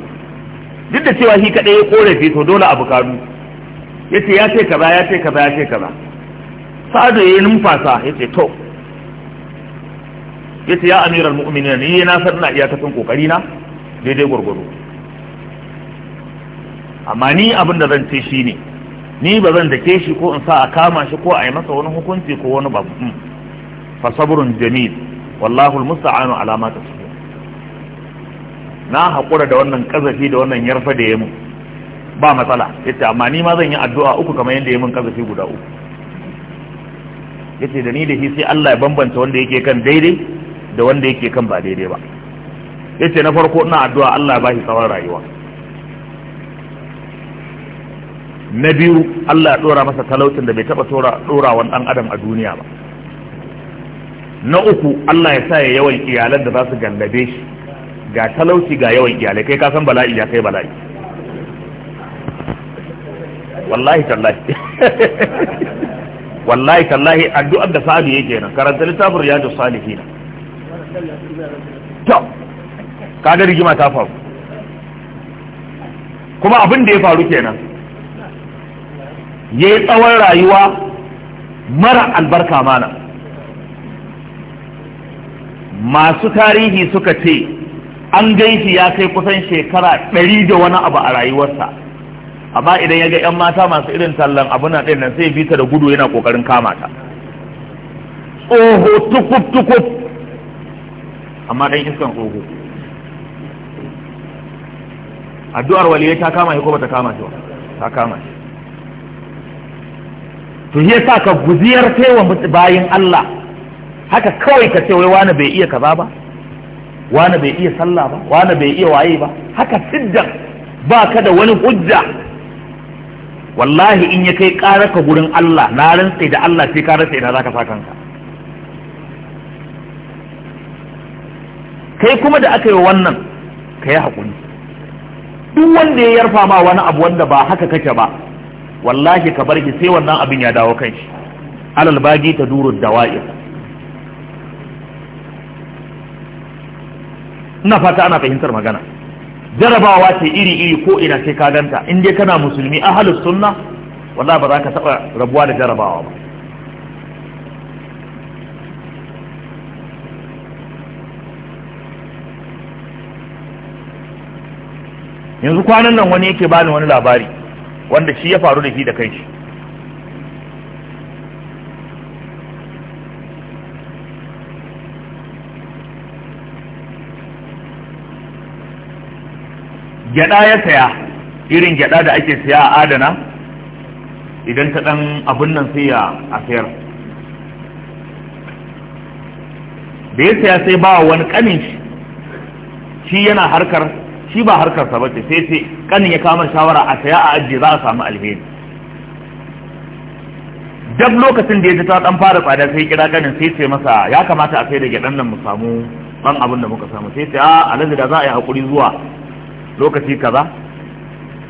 duk da cewa shi kaɗai ya kore to dole abu kadu ya ce ya ce kaza ya ce kaza ya ce kaza sa'adu ya yi numfasa ya ce to ya ce ya amiral mu'minin ni na san na iyakacin kokari na daidai gwargwaro amma ni abin da zan ce shi ne ni ba zan dake shi ko in sa a kama shi ko a yi masa wani hukunci ko wani babu hmm. fa sabrun jamil wallahu almusta'anu ala ma tasbih na hakura da wannan kazafi da wannan yarfa da yemu ba matsala yace amma ni ma zan yi addu'a uku kamar yadda yamin kazafi guda uku yace da ni da shi sai Allah ya bambanta wanda yake kan daidai da wanda yake kan ba daidai ba yace na farko ina addu'a Allah ya bashi tsawon rayuwa na biyu Allah ya dora masa talautin da bai taba tora dorawan dan adam a duniya ba na uku Allah ya sa ya yawan iyalan da za su gallabe shi ga talauci ga yawan iyalai kai ka san bala'i ya kai bala'i wallahi tallahi wallahi tallahi addu'ar da sa'adu yake nan karanta littafin riyadu salihin to kaga rigima ta faru kuma abin da ya faru kenan ya yi tsawon rayuwa mara albarka mana masu tarihi suka ce an gaishi ya kai kusan shekara ɗari da wani abu a rayuwarsa amma idan ya ga 'yan mata masu irin tallan abuna ɗin nan sai bita da gudu yana ƙoƙarin kama ta
tsoho
amma ɗan iskan tsoho addu'ar waliyai ta kama shi ko ta kama shi ba ta kama shi to shi yasa ka guziyar taiwa bayan Allah haka kawai ka ce wai wani bai iya kaza ba wani bai iya sallah ba wani bai iya waye ba haka siddan ba ka da wani hujja wallahi in ya kai ƙara ka gurin Allah na rantsa da Allah sai ka rantsa idan zaka sa kanka kai kuma da aka yi wannan ka yi haƙuri duk wanda ya yarfa ma wani abu wanda ba haka kake ba wallahi ka bar shi sai wannan abin ya dawo kan shi alal bagi ta duru dawa'ir ina fata ana fahimtar magana jarabawa ce iri iri ko ina sai ka ganta in dai kana musulmi ahlus sunna wallahi ba za ka taba rabuwa da jarabawa ba yanzu kwanan nan wani yake bani wani labari wanda shi ya faru da shi da kai shi gyada ya saya irin gyada da ake saya a adana idan ta dan abun nan sai ya a sayar da ya saya sai ba wani kanin shi shi yana harkar shi ba harkarsa ba ce sai ce kanin ya kama shawara a saya a ajiye za a samu alheri dab lokacin da ya ji ta dan fara tsada sai kira kanin sai ce masa ya kamata a sai da gidan nan mu samu ɗan abin da muka samu sai ce a alaji da za a yi hakuri zuwa lokaci kaza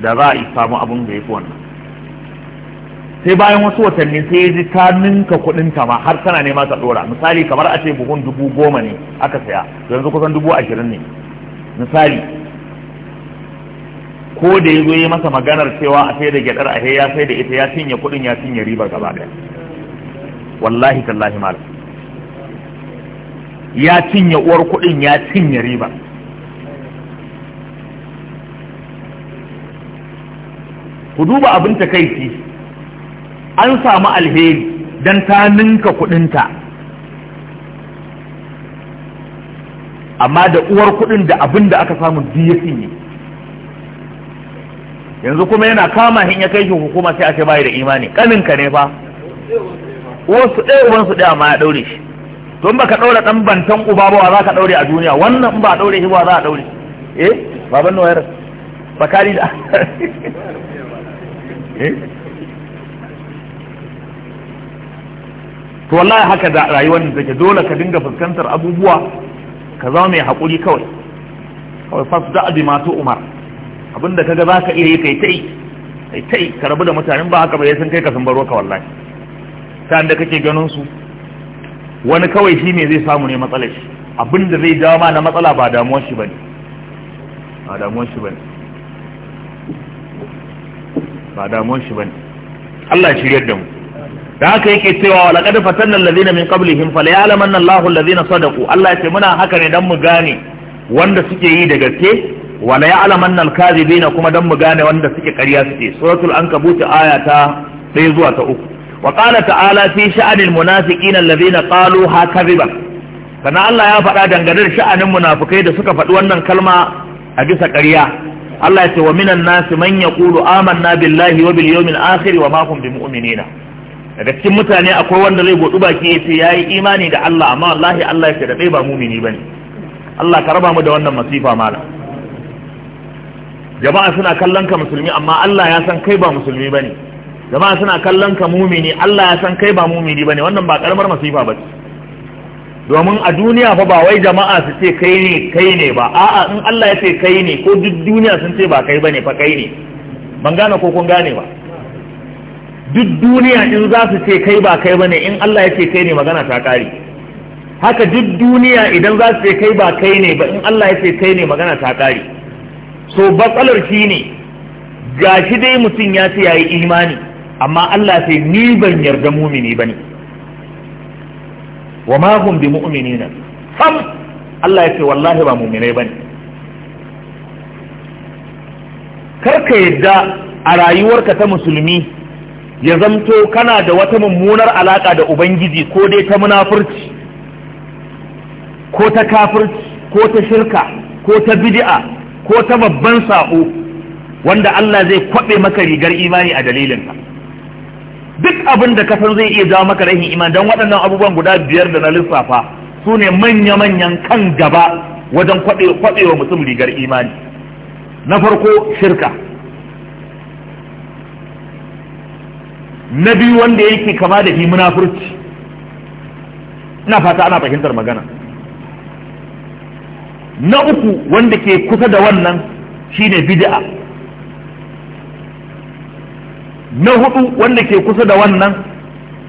da za a yi samu abin da ya fi wannan sai bayan wasu watanni sai ya ji ta ninka kuɗin ta ma har tana nema ta ɗora misali kamar a ce buhun dubu goma ne aka saya yanzu kusan dubu ashirin ne misali ko da ya zo yi masa maganar cewa a sai da gyadar a ya sai da ita ya cinye kudin ya cinye ribar gaba daya wallahi tallahi mal ya cinye uwar kudin ya cinye riba ku duba abin ta takaici an samu alheri don ta ninka kudinta amma da uwar kudin da abin da aka samu biyu ya cinye yanzu kuma yana kama hin ya kai shi hukuma sai a ce bai da imani kanin ka ne fa wasu ɗaya uban su ɗaya amma ya ɗaure shi don baka ɗaure ɗan bantan uba ba za ka ɗaure a duniya wannan in ba ɗaure shi ba za a ɗaure eh baban noyar bakari da eh? to wallahi haka da rayuwar da take dole ka dinga fuskantar abubuwa ka zama mai haƙuri kawai kawai fasda bi ma umar abinda kaga zaka iya yi kai tai kai tai ka rabu da mutanen ba haka ba sai sun kai ka san baro ka wallahi ta inda kake ganin su wani kawai shi ne zai samu ne matsalar shi abinda zai dawo ma na matsala ba damuwar shi bane ba damuwar shi bane ba damuwar shi bane Allah ya shirye da mu da haka yake cewa wa laqad fatanna alladhina min qablihim falyalamanna Allahu alladhina sadaqu Allah ya ce muna haka ne dan mu gane wanda suke yi da gaske wala ya'lamanna al-kadhibina kuma dan mu gane wanda suke ƙarya suke suratul ankabut aya ta 1 zuwa ta uku. wa qala ta'ala fi sha'anil munafiqina na qalu ha kadhiba kana Allah ya faɗa dangane da sha'anin munafikai da suka faɗi wannan kalma a bisa ƙarya Allah ya ce wa minan nasi man yaqulu amanna billahi wa bil akhir wa ma hum bimu'minina daga cikin mutane akwai wanda zai godu baki ya ce yayi imani da Allah amma wallahi Allah ya ce da bai ba mu'mini bane Allah ka raba mu da wannan masifa malam jama'a suna kallon ka musulmi amma Allah ya san kai ba musulmi bane jama'a suna kallon ka mumini Allah ya san kai ba mumini bane wannan ba karamar masifa ba ce domin a duniya fa ba wai jama'a su ce kai ne kai ne ba a'a in Allah ya ce kai ne ko duk duniya sun ce ba kai bane fa kai ne ban gane ko kun gane ba duk duniya in za su ce kai ba kai bane in Allah ya ce kai ne magana ta kare haka duk duniya idan za su ce kai ba kai ne ba in Allah ya ce kai ne magana ta kare so batsalar shi ne ga shi dai mutum ya ce yayi imani amma Allah sai ni ban yarda mumini ne. wa ma bi mu'minina sam Allah ya ce wallahi ba muminai ba kar ka yadda a rayuwarka ta musulmi ya zamto kana da wata mummunar alaka da ubangiji ko dai ta munafurci ko ta kafirci ko ta shirka ko ta bid'a ko ta babban saƙo, wanda Allah zai kwaɓe maka rigar imani a dalilinka duk abin da ka san zai iya jawo maka rahin imani don waɗannan abubuwan guda biyar da na lissafa su ne manya-manyan kan gaba wajen kwaɓewa mutum rigar imani na farko shirka na biyu wanda yake kama da himunafurci munafurci ina fata ana fahimtar magana na uku wanda ke kusa da wannan shine bid'a na hudu wanda ke kusa da wannan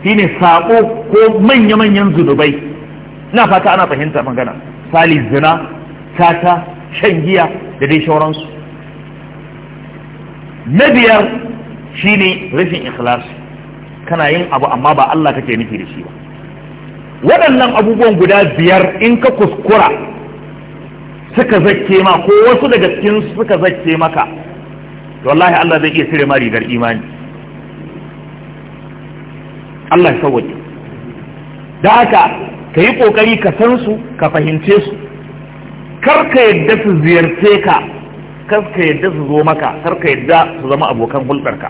shine sako ko manya-manyan zunubai ina fata ana fahimta magana sali zina tata shan giya da dai shauransu na biyar shine rashin ikhlas kana yin abu amma ba Allah kake nufi da shi ba waɗannan abubuwan guda biyar in ka kuskura suka zakke ma ko wasu daga cikin suka zakke maka to wallahi Allah zai iya cire ma rigar imani Allah ya sauwaje da haka ka yi kokari ka san su ka fahimce su kar ka yadda su ziyarce ka kar ka yadda su zo maka kar ka yadda su zama abokan hulɗarka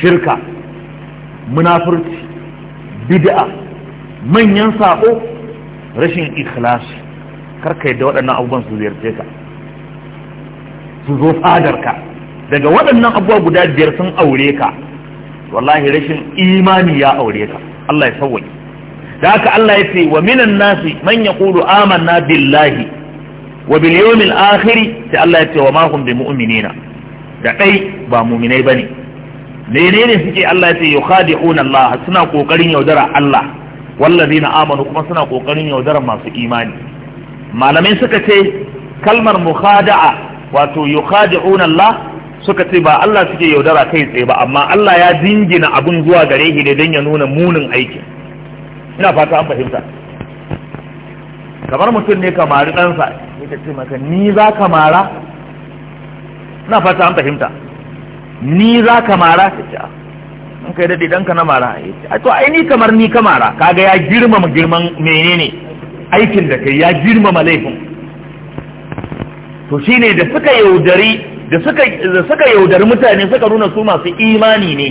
shirka munafurci bid'a manyan sako rashin ikhlasi karka da waɗannan abubuwan su ziyarce ka su zo fadar ka daga waɗannan abubuwa guda biyar sun aure ka wallahi rashin imani ya aure ka Allah ya sauwaye da haka Allah ya ce wa minan nasi man yaqulu amanna billahi wa bil yawmil akhir sai Allah ya ce wa ma hum bimu'minina da dai ba mu'minai bane menene suke Allah ya ce yukhadi'una Allah suna kokarin yaudara Allah wallazina amanu kuma suna kokarin yaudara masu imani malamai suka ce kalmar mukhada'a wato yukhadi'una Allah suka ce ba Allah suke yaudara kai tsaye ba amma Allah ya dingina abun zuwa gare shi ne don ya nuna munin aikin ina fata an fahimta kamar mutum ne kamari ɗansa ya ce maka ni za ka mara ina fata an fahimta ni za ka mara ta ce an ah, kai daɗi ɗanka na mara a to ai ni kamar ni ka mara kaga ya girmama girman menene aikin da kai ya girmama laifin to shine da suka yaudari da suka da suka yaudari mutane suka nuna su masu imani ne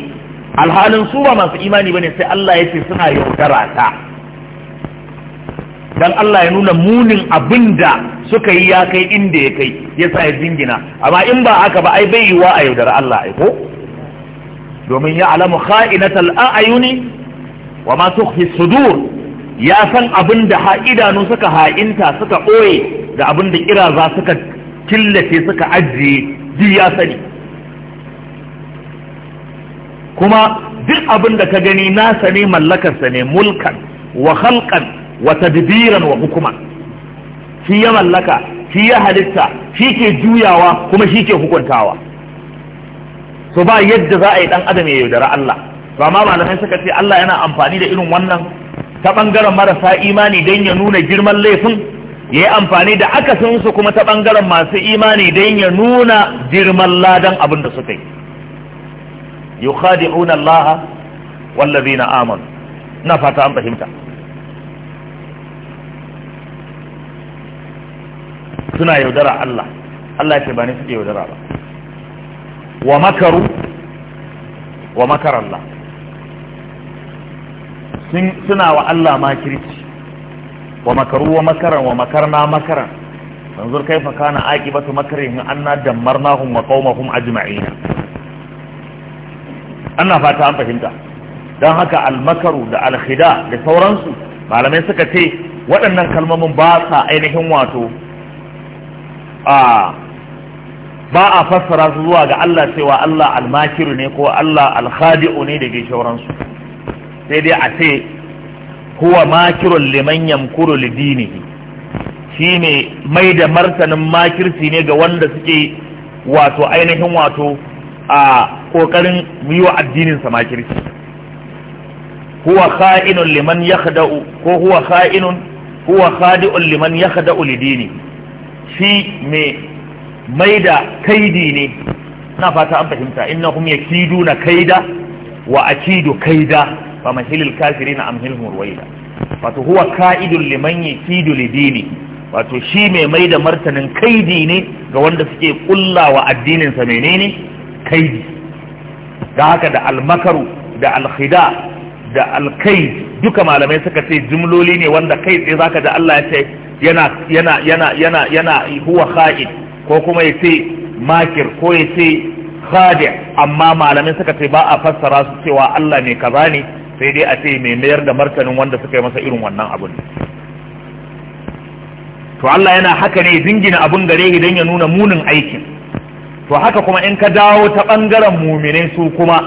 alhalin su ba masu imani bane sai Allah ya ce suna yaudara ta dan Allah ya nuna munin abinda suka yi ya kai inda ya kai yasa ya jingina amma in ba haka ba ai bai wa a yaudara Allah ai ko domin ya alamu kha'inatal a'yuni wa ma tukhfi sudur ya san abin da ha'idanu suka ha'inta suka ɓoye da abin da ƙiraza suka killace suka ajiye duk ya sani kuma duk abin da ka gani nasa ne mallakarsa ne mulkan wa halkan wa tadbiran wa hukuma shi ya mallaka shi ya halitta shi ke juyawa kuma shi ke hukuntawa su ba yadda za a yi dan adam ya yaudara Allah ba ma malamai suka ce Allah yana amfani da irin wannan ta ɓangaren marasa imani don ya nuna girman laifin ya yi amfani da akasinsu kuma ta ɓangaren masu imani don ya nuna girman ladan abin da suka yi yukhadi'una Allah wallazina amanu na fata an fahimta suna yaudara Allah Allah ce ba ne suke yaudara ba wa makaru wa makar Allah suna wa Allah makirci wa makaru wa makaran wa makarna makaran kai fa فانظر كيف كان عاقبة مكرهم أنا دمرناهم وقومهم أجمعين ana fata an fahimta don haka almakaru da alkhida da sauransu malamai suka ce waɗannan kalmomin ba sa ainihin wato a ba a fassara su zuwa ga Allah cewa Allah almakiru ne ko Allah alkhadi'u ne da dai sauransu sai dai a ce huwa makirun liman yamkuru lidinihi shi ne mai da martanin makirci ne ga wanda suke wato ainihin wato a kokarin yi wa addininsa makirci huwa kha'inun liman yakhda'u ko huwa kha'inun huwa khadi'un liman yakhda'u lidini shi me mai da kaidi ne na fata an fahimta innahum na kaida wa akidu kaida fa mahilil kafirina amhilhum ruwaida wato huwa ka'idul liman yakidu lidini wato shi mai mai da martanin kaidi ne ga wanda suke kullawa addinin sa menene kaidi da haka da almakaru da alkhida da alkaid duka malamai suka ce jumloli ne wanda kai tsaye zaka da Allah ya ce yana yana yana yana yana huwa kha'id ko kuma ya ce makir ko ya ce khadi amma malamai suka ce ba a fassara su cewa Allah ne kaza ne sai dai a ce mai mayar da martanin wanda suka yi masa irin wannan abun to Allah yana haka ne dingina abun gare shi don ya nuna munin aikin to haka kuma in ka dawo ta bangaren muminai su kuma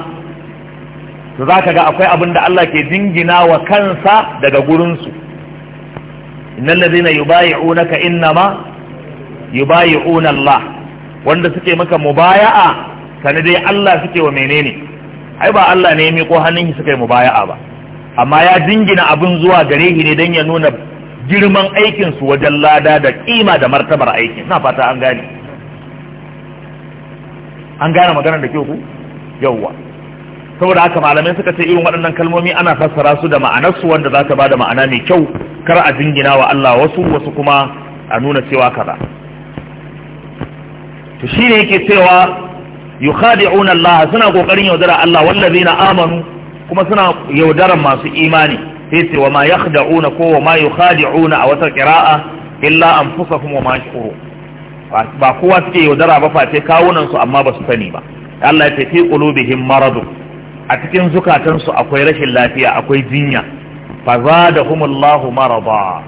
to zaka ga akwai abin da Allah ke dingina wa kansa daga gurin gurinsu innal ladina yubayi'unaka innama yubayi'una Allah wanda suke maka mubaya'a dai Allah suke wa menene ai ba Allah ne ya miƙo hannun shi suka yi mubaya'a ba amma ya jingina abin zuwa gare shi ne don ya nuna girman aikin su wajen lada da kima da martabar aikin na fata an gane an gane maganar da kyau ku yawwa saboda haka malamai suka ce irin waɗannan kalmomi ana fassara su da ma'anarsu wanda za ta bada ma'ana mai kyau kar a jingina wa Allah wasu wasu kuma a nuna cewa kaza to shine yake cewa yukhadi'una Allah suna kokarin yaudara Allah na amanu kuma suna yaudaran masu imani sai ce wa ma yakhda'una ko wa ma yukhadi'una a wata kira'a illa anfusahum wa ma yashkuru ba kowa suke yaudara ba face kawunan su amma ba su sani ba Allah ya ce fi qulubihim maradu a cikin zukatansu akwai rashin lafiya akwai jinya fazadahumullahu marada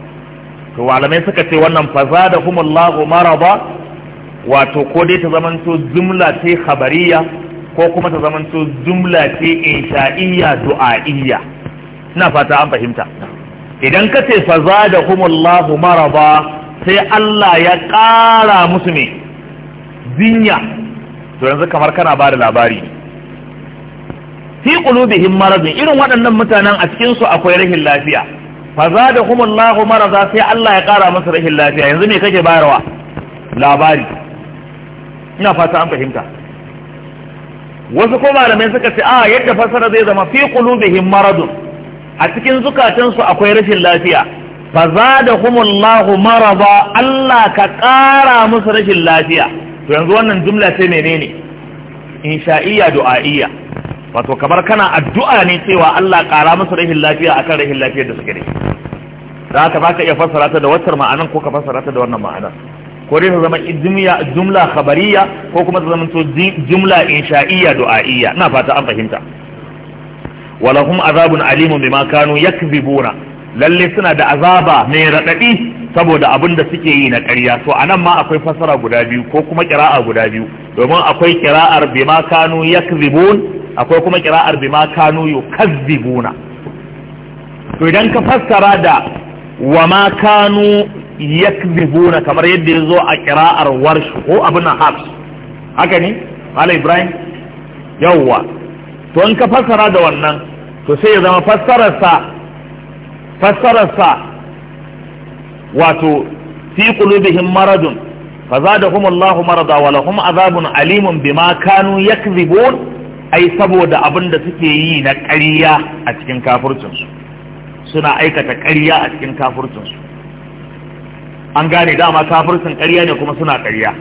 to malamai suka ce wannan fazadahumullahu marada wato ko dai ta zamanto jumla ce khabariya ko kuma ta zamanto jumla ce insha'iyya du'a'iyya ina fata an fahimta idan ka ce fa zada zadahumullahu maraba sai Allah ya ƙara musu ne zinya to yanzu kamar kana ba da labari fi qulubihim maradun irin waɗannan mutanen a cikin su akwai rahin lafiya fa zada zadahumullahu marada sai Allah ya ƙara musu rahin lafiya yanzu me kake bayarwa labari ina fata an fahimta wasu ko malamai suka ce a ah, yadda fasara zai zama fi qulubihim maradun a cikin zukatansu akwai rashin lafiya fa zadahumullahu marada Allah ka kara musu rashin lafiya to yanzu wannan jumla ce menene insha'iyya du'a'iyya wato kamar kana addu'a ne cewa Allah kara musu rashin lafiya akan rashin lafiyar da suke da shi za ka iya fassara ta da wacce ma'anar ko ka fassara ta da wannan ma'anar ko dai ta zama jumla khabariya ko kuma ta zama jumla insha'iyya du'a'iyya ina fata an fahimta walahum azabun alimun bima kanu yakzibuna lalle suna da azaba mai raɗaɗi saboda abin da suke yi na ƙarya to anan ma akwai fasara guda biyu ko kuma kira'a guda biyu domin akwai kira'ar bima kanu yakzibun akwai kuma kira'ar bima kanu yukazzibuna to idan ka fassara da wa ma kanu yakzibuna kamar yadda ya zo a kira'ar warsh ko abin hafs haka ne ala ibrahim yawwa to in ka fassara da wannan to sai ya zama fassararsa fassararsa wato fi qulubihim maradun fazadahum Allahu marada wa lahum azabun alimun bima kanu yakzibun ai saboda abin da suke yi na ƙarya a cikin kafircinsu suna aikata ƙarya a cikin kafircinsu an gane dama sun ƙarya ne kuma suna ƙarya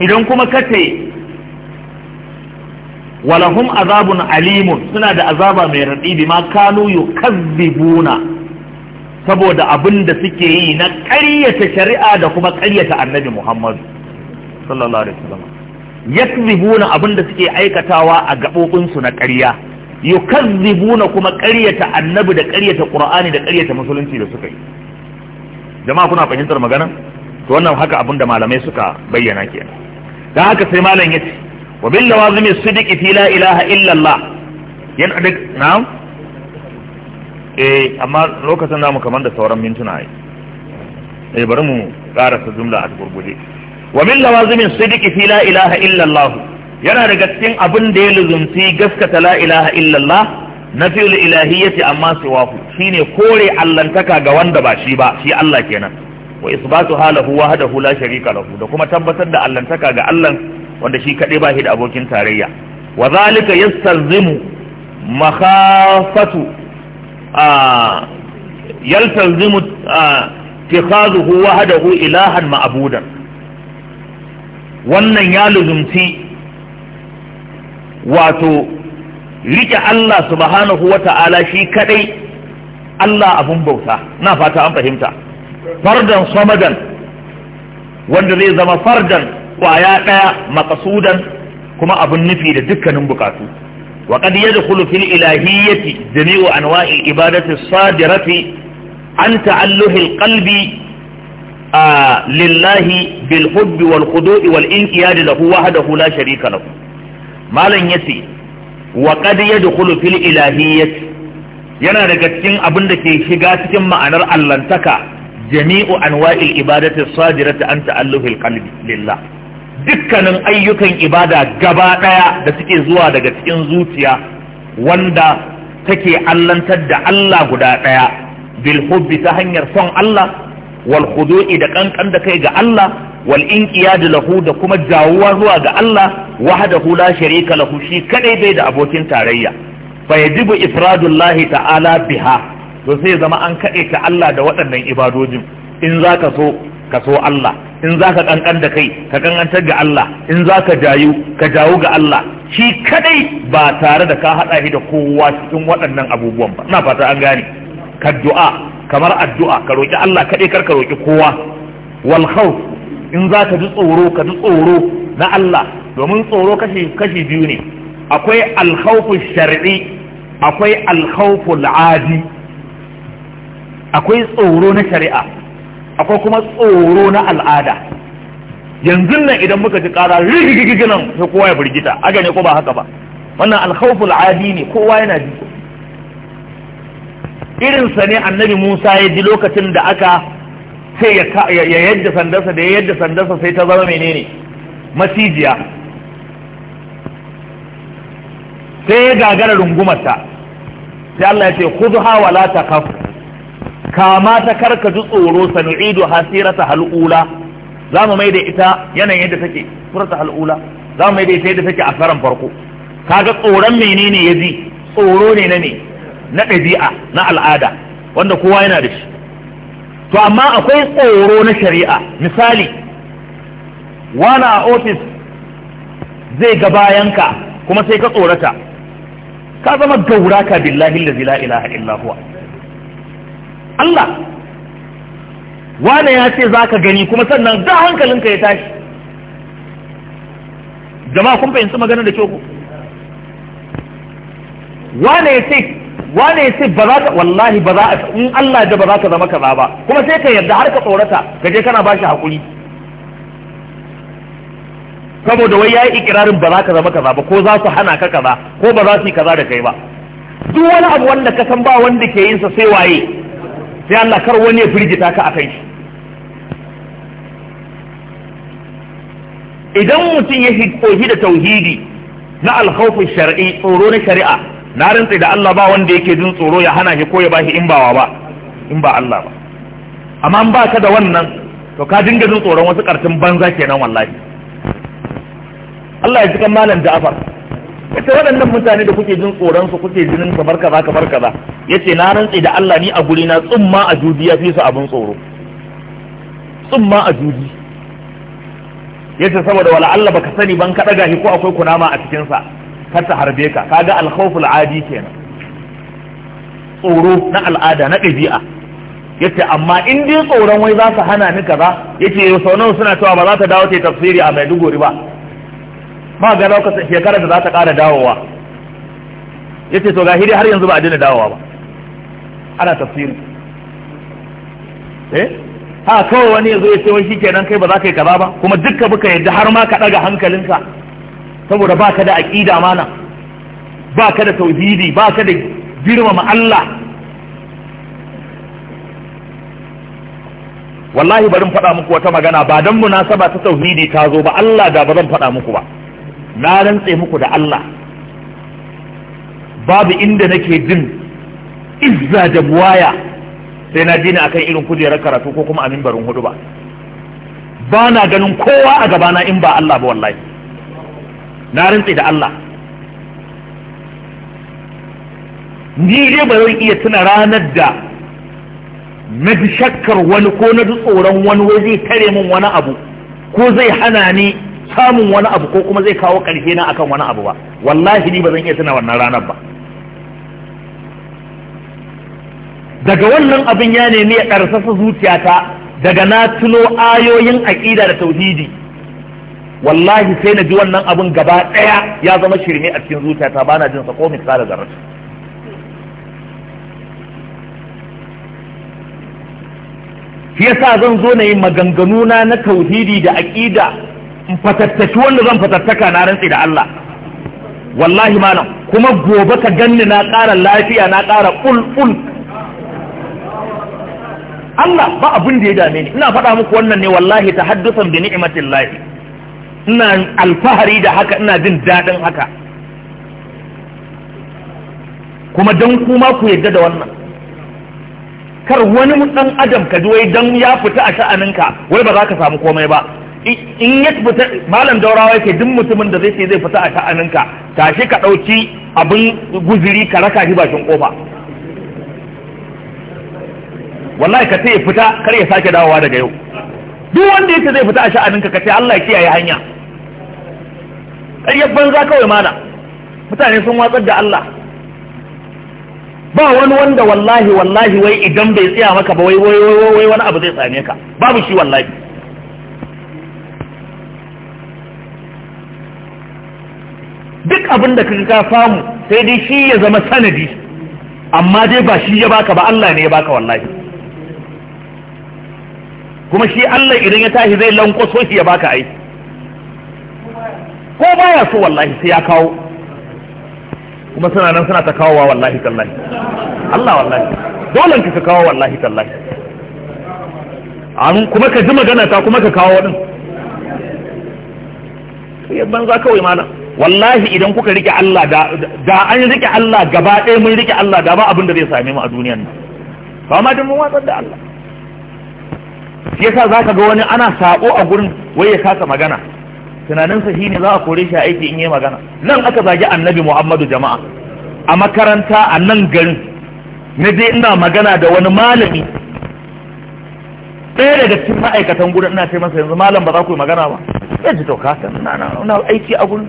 idan kuma kace walahum azabun alimun suna da azaba mai raɗi bi ma kanu kazzibuna saboda abin da suke yi na ƙaryata shari'a da kuma ƙaryata annabi Muhammad sallallahu alaihi wasallam yakzibuna abin da suke aikatawa a gabobin su na ƙarya kazzibuna kuma ƙaryata annabi da ƙaryata Qur'ani da ƙaryata musulunci da suka yi jama'a kuna fahimtar magana to wannan haka abin da malamai suka bayyana ke dan haka sai malam yace wa bil lawazimi sidiqi fi la ilaha illa Allah yana da na'am eh amma lokacin namu kamar da sauran mintuna ai eh bari mu karasa jumla a gurgure wa min lawazimi sidiki fi la ilaha illallah yana daga cikin abin da ya luzumci gaskata la ilaha illallah na fi'il ilahiyyati amma siwahu shine kore allantaka ga wanda ba shi ba shi Allah kenan wa isbatu halahu wahdahu la sharika lahu da kuma tabbatar da allantaka ga Allah wanda shi kadai ba shi da abokin tarayya wa zalika yastalzimu makhafatu a yaltalzimu tikhazuhu wahdahu ilahan ma'budan wannan ya luzumci wato rike Allah subhanahu wa ta'ala shi kadai Allah abun bauta na fata an fahimta fardan samadan wanda zai zama fardan kwaya daya makasudan kuma abun nufi da dukkanin bukatu wa qad yadkhulu fil ilahiyyati jami'u anwa'i ibadati sadirati an ƙalbi alqalbi lillahi bil hubbi wal khudu'i wal inqiyad lahu wahdahu la sharika lahu ya yati wa qad yadkhulu fil ilahiyyati yana daga cikin abin da ke shiga cikin ma'anar allantaka jami'u anwa'il ibadati sadirati an ta'alluhil qalbi dukkanin ayyukan ibada gaba daya da suke zuwa daga cikin zuciya wanda take allantar da Allah guda ɗaya, bil hubbi ta hanyar son Allah wal khudu'i da kankan da kai ga Allah wal da lahu da kuma jawuwa zuwa ga Allah wahdahu la sharika lahu shi kadai bai da abokin tarayya fa yajibu ifradullahi ta'ala biha to sai zama an kade ta Allah da waɗannan ibadojin in zaka so ka so Allah in zaka kankan da kai ka kankantar ga Allah in zaka jayu ka jawo ga Allah shi kadai ba tare da ka haɗa shi da kowa cikin waɗannan abubuwan ba ina fata an gane ka du'a kamar addu'a ka roki Allah kaɗai kar ka roki kowa wal khawf in za ka ji tsoro ka ji tsoro na Allah domin tsoro kashi kashi biyu ne akwai al khawfu shar'i akwai al khawfu akwai tsoro na shari'a akwai kuma tsoro na al'ada yanzu nan idan muka ji kara rigigiginan sai kowa ya firgita aga ne ko ba haka ba wannan alkhawful adi ne kowa yana ji irinsa ne annabi musa ya ji lokacin da aka sai ya yadda sandarsa da ya yadda sandarsa sai ta zama menene masijiya sai ya gagara rungumarta sai Allah ya ce khudha wa la takhaf kama ta karka ji tsoro sanu'idu hasirata hal'ula za mu mai da ita yanayin yadda take surata hal'ula za mu mai da ita yadda take a farko kaga tsoron menene ya ji tsoro ne na ne na ɗabi'a na al'ada wanda kowa yana da shi to amma akwai tsoro na shari'a misali wani a ofis zai ga bayanka kuma sai ka tsorata ka zama ka billahi da zila ilaha illahuwa Allah wane ya ce za ka gani kuma sannan za hankalinka ya tashi jama'a kun fahimci magana da kyau wane ya ce wane yace ba za ka wallahi ba za a in Allah da ba za ka zama kaza ba kuma sai ka yarda har ka tsorata ka je kana bashi hakuri saboda wai yayi ikirarin ba za ka zama kaza ba ko za su hana ka kaza ko ba za su yi kaza da kai ba duk wani abu wanda ka san ba wanda ke yin sa sai waye sai Allah kar wani ya firgita ka akan shi idan mutum ya kohi da tauhidi na alkhawfin shar'i tsoro na shari'a na rantsa da Allah ba wanda yake jin tsoro ya hana shi ko ya bashi in bawa ba in ba Allah ba amma an baka da wannan to ka dinga jin tsoron wasu karshen banza kenan wallahi Allah ya ji kan malam Ja'far yace waɗannan mutane da kuke jin tsoron su kuke jinin kamar kaza kamar kaza yace na rantsa da Allah ni a guri na tsumma a dubiya fi su abin tsoro tsumma a dubi yace saboda wala Allah baka sani ban ka daga shi ko akwai kunama a cikin sa Ka ta harbe ka kaga alkhawfu al'adi kenan tsoro na al'ada na ɗabi'a yace amma in dai tsoron wai za su hana ni kaza yace sau nawa suna cewa ba za ta dawo ta tafsiri a Maiduguri ba ba ga lokacin shekarar da za ta ƙara dawowa yace to ga hidi har yanzu ba a daina dawowa ba ana tafsiri eh ha kawai wani yazo ya ce wai shikenan kai ba za ka yi kaza ba kuma dukka buka yadda har ma ka daga hankalinka saboda baka da aqida mana baka da tauhidi baka da girmama Allah wallahi barin faɗa muku wata magana ba dan munasaba ta tauhidi ta zo ba Allah da ba zan faɗa muku ba na rantse muku da Allah babu inda nake jin izza da buwaya sai na dina akan irin kujerar karatu ko kuma a mimbarin hudu ba ba na ganin kowa a gabana in ba Allah ba wallahi na rantsi da Allah ni dai ba zan iya tuna ranar da na ji shakkar wani ko na ji tsoron wani wai zai tare min wani abu ko zai hana ni samun wani abu ko kuma zai kawo ƙarshe na akan wani abu ba wallahi ni ba zan iya tuna wannan ranar ba daga wannan abin ya nemi ya ƙarsasa zuciyata daga na tuno ayoyin aƙida da tauhidi wallahi sai na ji wannan abun gaba daya ya zama shirme a cikin zuciyata bana jin sa ko misali zarar shi yasa zan zo na yi maganganuna na kauhidi tauhidi da aƙida, in fatattaki wanda zan fatattaka na rantsi da Allah wallahi malam kuma gobe ka ganni na ƙara lafiya na ƙara ƙulƙul Allah ba abin da ya dame ni ina faɗa muku wannan ne wallahi ta haddusan bi ni'matin lahi ina alfahari da haka ina jin daɗin haka kuma don kuma ku yadda da wannan kar wani ɗan adam ka wai don ya fita a sha'aninka wai ba za ka samu komai ba in ya fita malam daurawa yake duk mutumin da zai ce zai fita a sha'aninka tashi ka ɗauki abin guziri ka raka shi bakin kofa wallahi ka ce ya fita kar ya sake dawowa daga yau duk wanda yake zai fita a sha'aninka ka ce Allah ya kiyaye hanya ƙaryar banza kawai mana mutane sun watsar da Allah ba wani wanda wallahi wallahi wai idan bai tsaya maka ba wai wai wai wani abu zai same ka babu shi wallahi duk abin da kaga ka samu sai dai shi ya zama sanadi amma dai ba shi ya baka ba Allah ne ya baka wallahi kuma shi Allah idan ya tashi zai lankwaso shi ya baka aiki. ko baya so wallahi sai ya kawo kuma suna nan suna ta kawowa wallahi tallahi Allah wallahi dole ka kawo wallahi tallahi an kuma ka ji magana ta kuma ka kawo din sai banza kawai mana. wallahi idan kuka rike Allah da an rike Allah gaba ɗaya mun rike Allah da ba abin da zai same mu a duniyar. nan ba ma dan mu watsar da Allah shi yasa zaka ga wani ana sabo a gurin wai ya kasa magana sa shine za a kore shi aiki in yi magana nan aka zagi annabi Muhammadu jama'a a makaranta a nan garin na je ina magana da wani malami ɗaya daga cikin ma'aikatan gurin ina ce masa yanzu malam ba za ku yi magana ba yanzu to kasa na aiki a gurin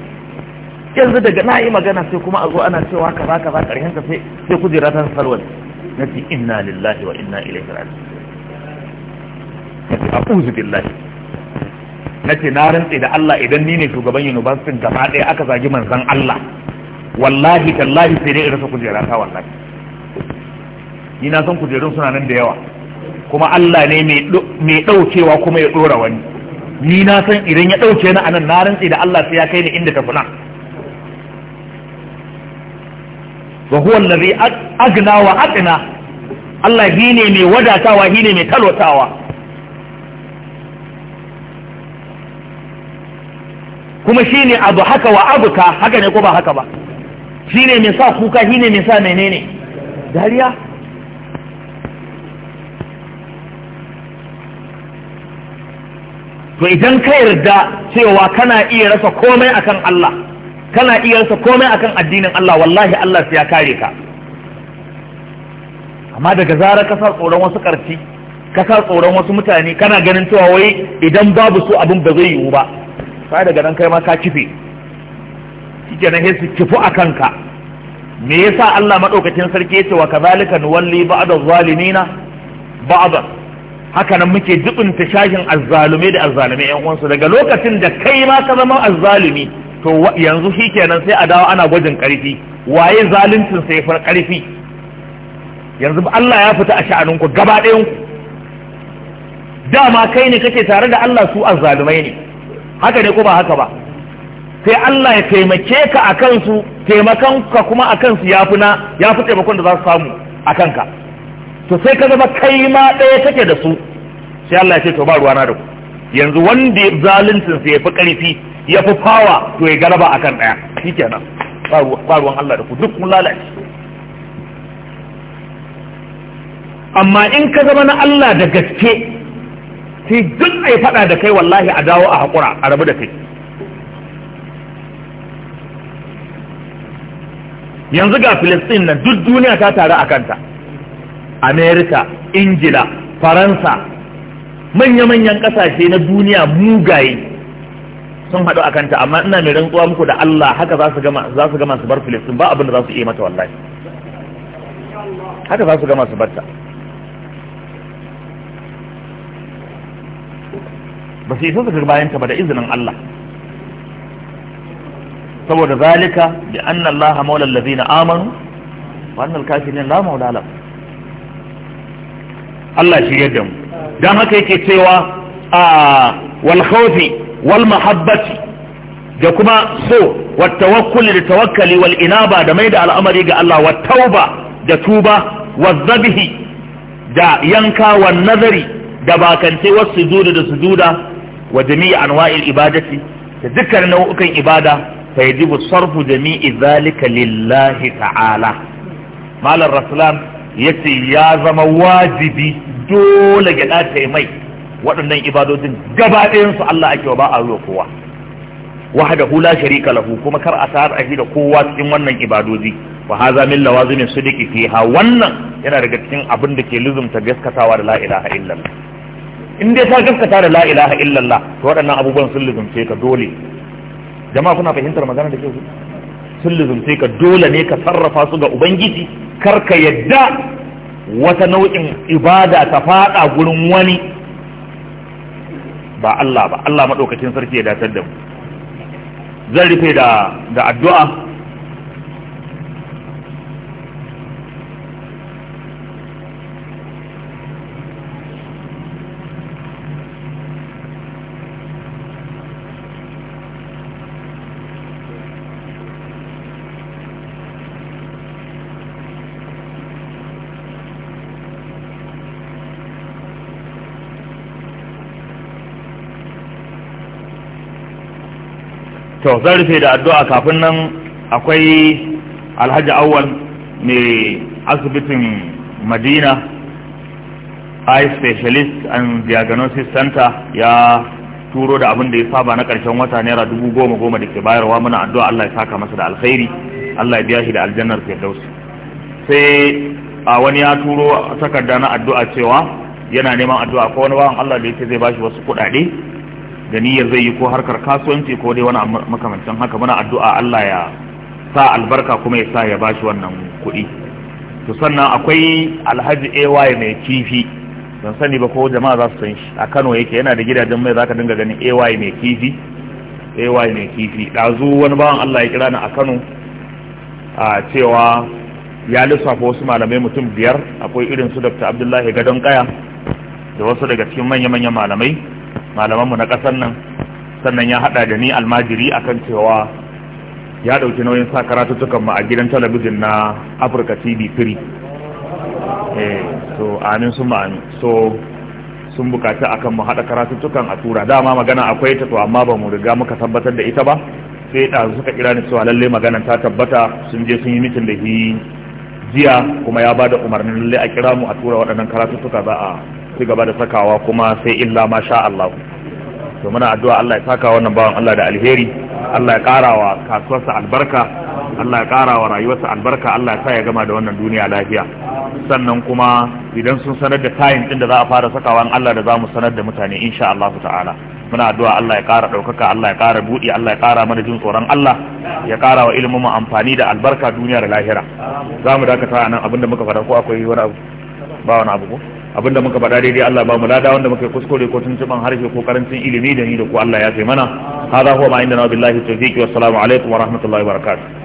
yanzu daga na yi magana sai kuma a zo ana cewa kaza kaza karshen ka sai kujera ta salwal na ce inna lillahi wa inna ilaihi raji'un a a'udhu billahi ce na rantse da Allah idan ni ne shugaban university gaba ɗaya aka zagi manzan Allah wallahi tallahi sai dai in rasa kujera ta wallahi ni na san kujerun suna nan da yawa kuma Allah ne mai ɗaukewa kuma ya ɗora wani ni na san idan ya ɗauke ni anan na rantse da Allah sai ya kai ni inda tafi nan wa huwa allazi agna wa aqna Allah shine mai wadatawa shine mai talotawa. kuma shine abu haka wa abuka haka ne ko ba haka ba shine mai sa kuka shine mai sa menene dariya to idan ka yarda cewa kana iya rasa komai akan Allah kana iya rasa komai akan addinin Allah wallahi Allah sai ya kare ka amma daga zarar ka sa tsoron wasu karfi ka sa tsoron wasu mutane kana ganin cewa wai idan babu su abin ba zai yiwu ba sai daga nan kai ma ka kife shike nan sai su kifu a kanka me yasa Allah madaukakin sarki yace wa kazalika nuwalli ba'da zalimina ba'da haka nan muke jibinta shashin azzalume da azzalume ƴan uwansu daga lokacin da kai ma ka zama azzalumi to yanzu shikenan sai a dawo ana gwajin karfi waye zaluncin sai far karfi yanzu Allah ya fita a sha'aninku gaba ku? dama kai ne kake tare da Allah su azzalumai ne haka ne ko ba haka ba sai Allah ya taimake ka a kansu taimakon ka kuma a kansu ya fi taimakon da za su samu a kanka to sai ka zama kai ma ɗaya kake da su sai Allah ya ce to ba ruwana da ku yanzu wanda ya zaluncin sai ya fi ƙarfi ya fi fawa to ya galaba a kan ɗaya nan ba ruwan Allah da ku duk mun lalace amma in ka zama na Allah da gaske sai duk ai faɗa da kai wallahi a dawo a haƙura a rabu da kai yanzu ga filistin nan duk duniya ta taru a kanta amerika ingila faransa manya-manyan ƙasashe na duniya mugaye sun haɗu a kanta amma ina mai rantsuwa muku da allah haka za su gama su bar filistin ba abin da za su iya mata wallahi haka za su gama su barta ba su yi sun su bayan ta ba da izinin Allah saboda zalika bi anna Allah maula allazina amanu wa anna al-kafirin la maula lahum
Allah shi yadda
mu dan haka yake cewa a wal khawfi wal mahabbati da kuma so wa tawakkuli da tawakkali wal inaba da maida al'amari ga Allah wa tauba da tuba wa zabihi da yanka wa nazari da bakance wasu sujuda da sujuda wa jami'i anwa'il ibadati da dukkan nau'ukan ibada fa yajibu sarfu jami'i zalika lillahi ta'ala malam rasulan yace ya zama wajibi dole ga dace mai waɗannan ibadodin gaba ɗayan su Allah ake wa ba a ruwa kowa
wahdahu la sharika
lahu kuma kar a a ahi da kowa cikin wannan ibadodi wa hadha min lawazimin sidiki fiha wannan yana daga cikin abin da ke luzumta gaskatawa da la ilaha illallah in dai ta gaskata da la ilaha illallah to waɗannan abubuwan sun lizumce ka dole jama'a kuna fahimtar magana da kyau sun lizumce ka dole ne ka sarrafa su ga ubangiji kar ka yadda wata nau'in ibada ta fada gurin wani ba Allah ba Allah madaukakin sarki ya datar da mu zan rufe da da addu'a to zan rufe da addu'a kafin nan akwai alhaji awwal mai asibitin madina eye specialist and diagnosis center ya turo da abin da ya saba na ƙarshen wata naira dubu goma goma da ke bayarwa muna addu'a Allah ya saka masa da alkhairi Allah ya biya shi da aljannar dausi sai a wani ya turo takarda na addu'a cewa yana neman addu'a ko wani bawan Allah da ya yake zai bashi wasu kuɗaɗe da niyyar zai yi ko harkar kasuwanci ko dai wani makamancin haka muna addu'a Allah ya sa albarka kuma ya sa ya bashi wannan kuɗi to sannan akwai alhaji AY mai kifi Ban sani ba ko jama'a za su san shi a Kano yake yana da gidajen mai zaka dinga ganin AY mai kifi AY mai kifi dazu wani bawan Allah ya kira ni a Kano a cewa ya lissafa wasu malamai mutum biyar akwai irin su Dr. Abdullahi Gadon Kaya da wasu daga cikin manya-manyan malamai malamanmu na ƙasar nan sannan ya haɗa da ni almajiri akan cewa ya ɗauki nauyin sa mu a gidan talabijin na afirka tv 3 eh so amin sun amin so sun bukaci akan mu haɗa karatuttukan a tura dama magana akwai ta to amma ba mu riga muka tabbatar da ita ba sai ɗazu suka kira ni cewa lallai magana ta tabbata sun je sun yi mitin da hi jiya kuma ya ba da umarnin lallai a kira mu a tura waɗannan karatuttuka za a ci gaba da sakawa kuma sai illa ma sha Allah to muna addu'a Allah ya saka wannan bawan Allah da alheri Allah ya karawa kasuwarsa albarka Allah ya karawa rayuwarsa albarka Allah ya sa ya gama da wannan duniya lafiya sannan kuma idan sun sanar da tayin din da za a fara sakawa Allah da za mu sanar da mutane insha Allah ta'ala muna addu'a Allah ya ƙara ɗaukaka Allah ya ƙara buɗi Allah ya ƙara mana jin tsoron Allah ya ƙara wa ilimin mu amfani da albarka duniya da lahira za mu dakata a nan abinda muka faɗa ko akwai wani abu ba wani abu ko abinda muka faɗa daidai Allah ba mu lada wanda muka kuskure ko tuntuban harshe ko karancin ilimi da ni da ko Allah ya sai mana hada huwa ma inda na billahi wa assalamu alaikum wa rahmatullahi wa barakatuh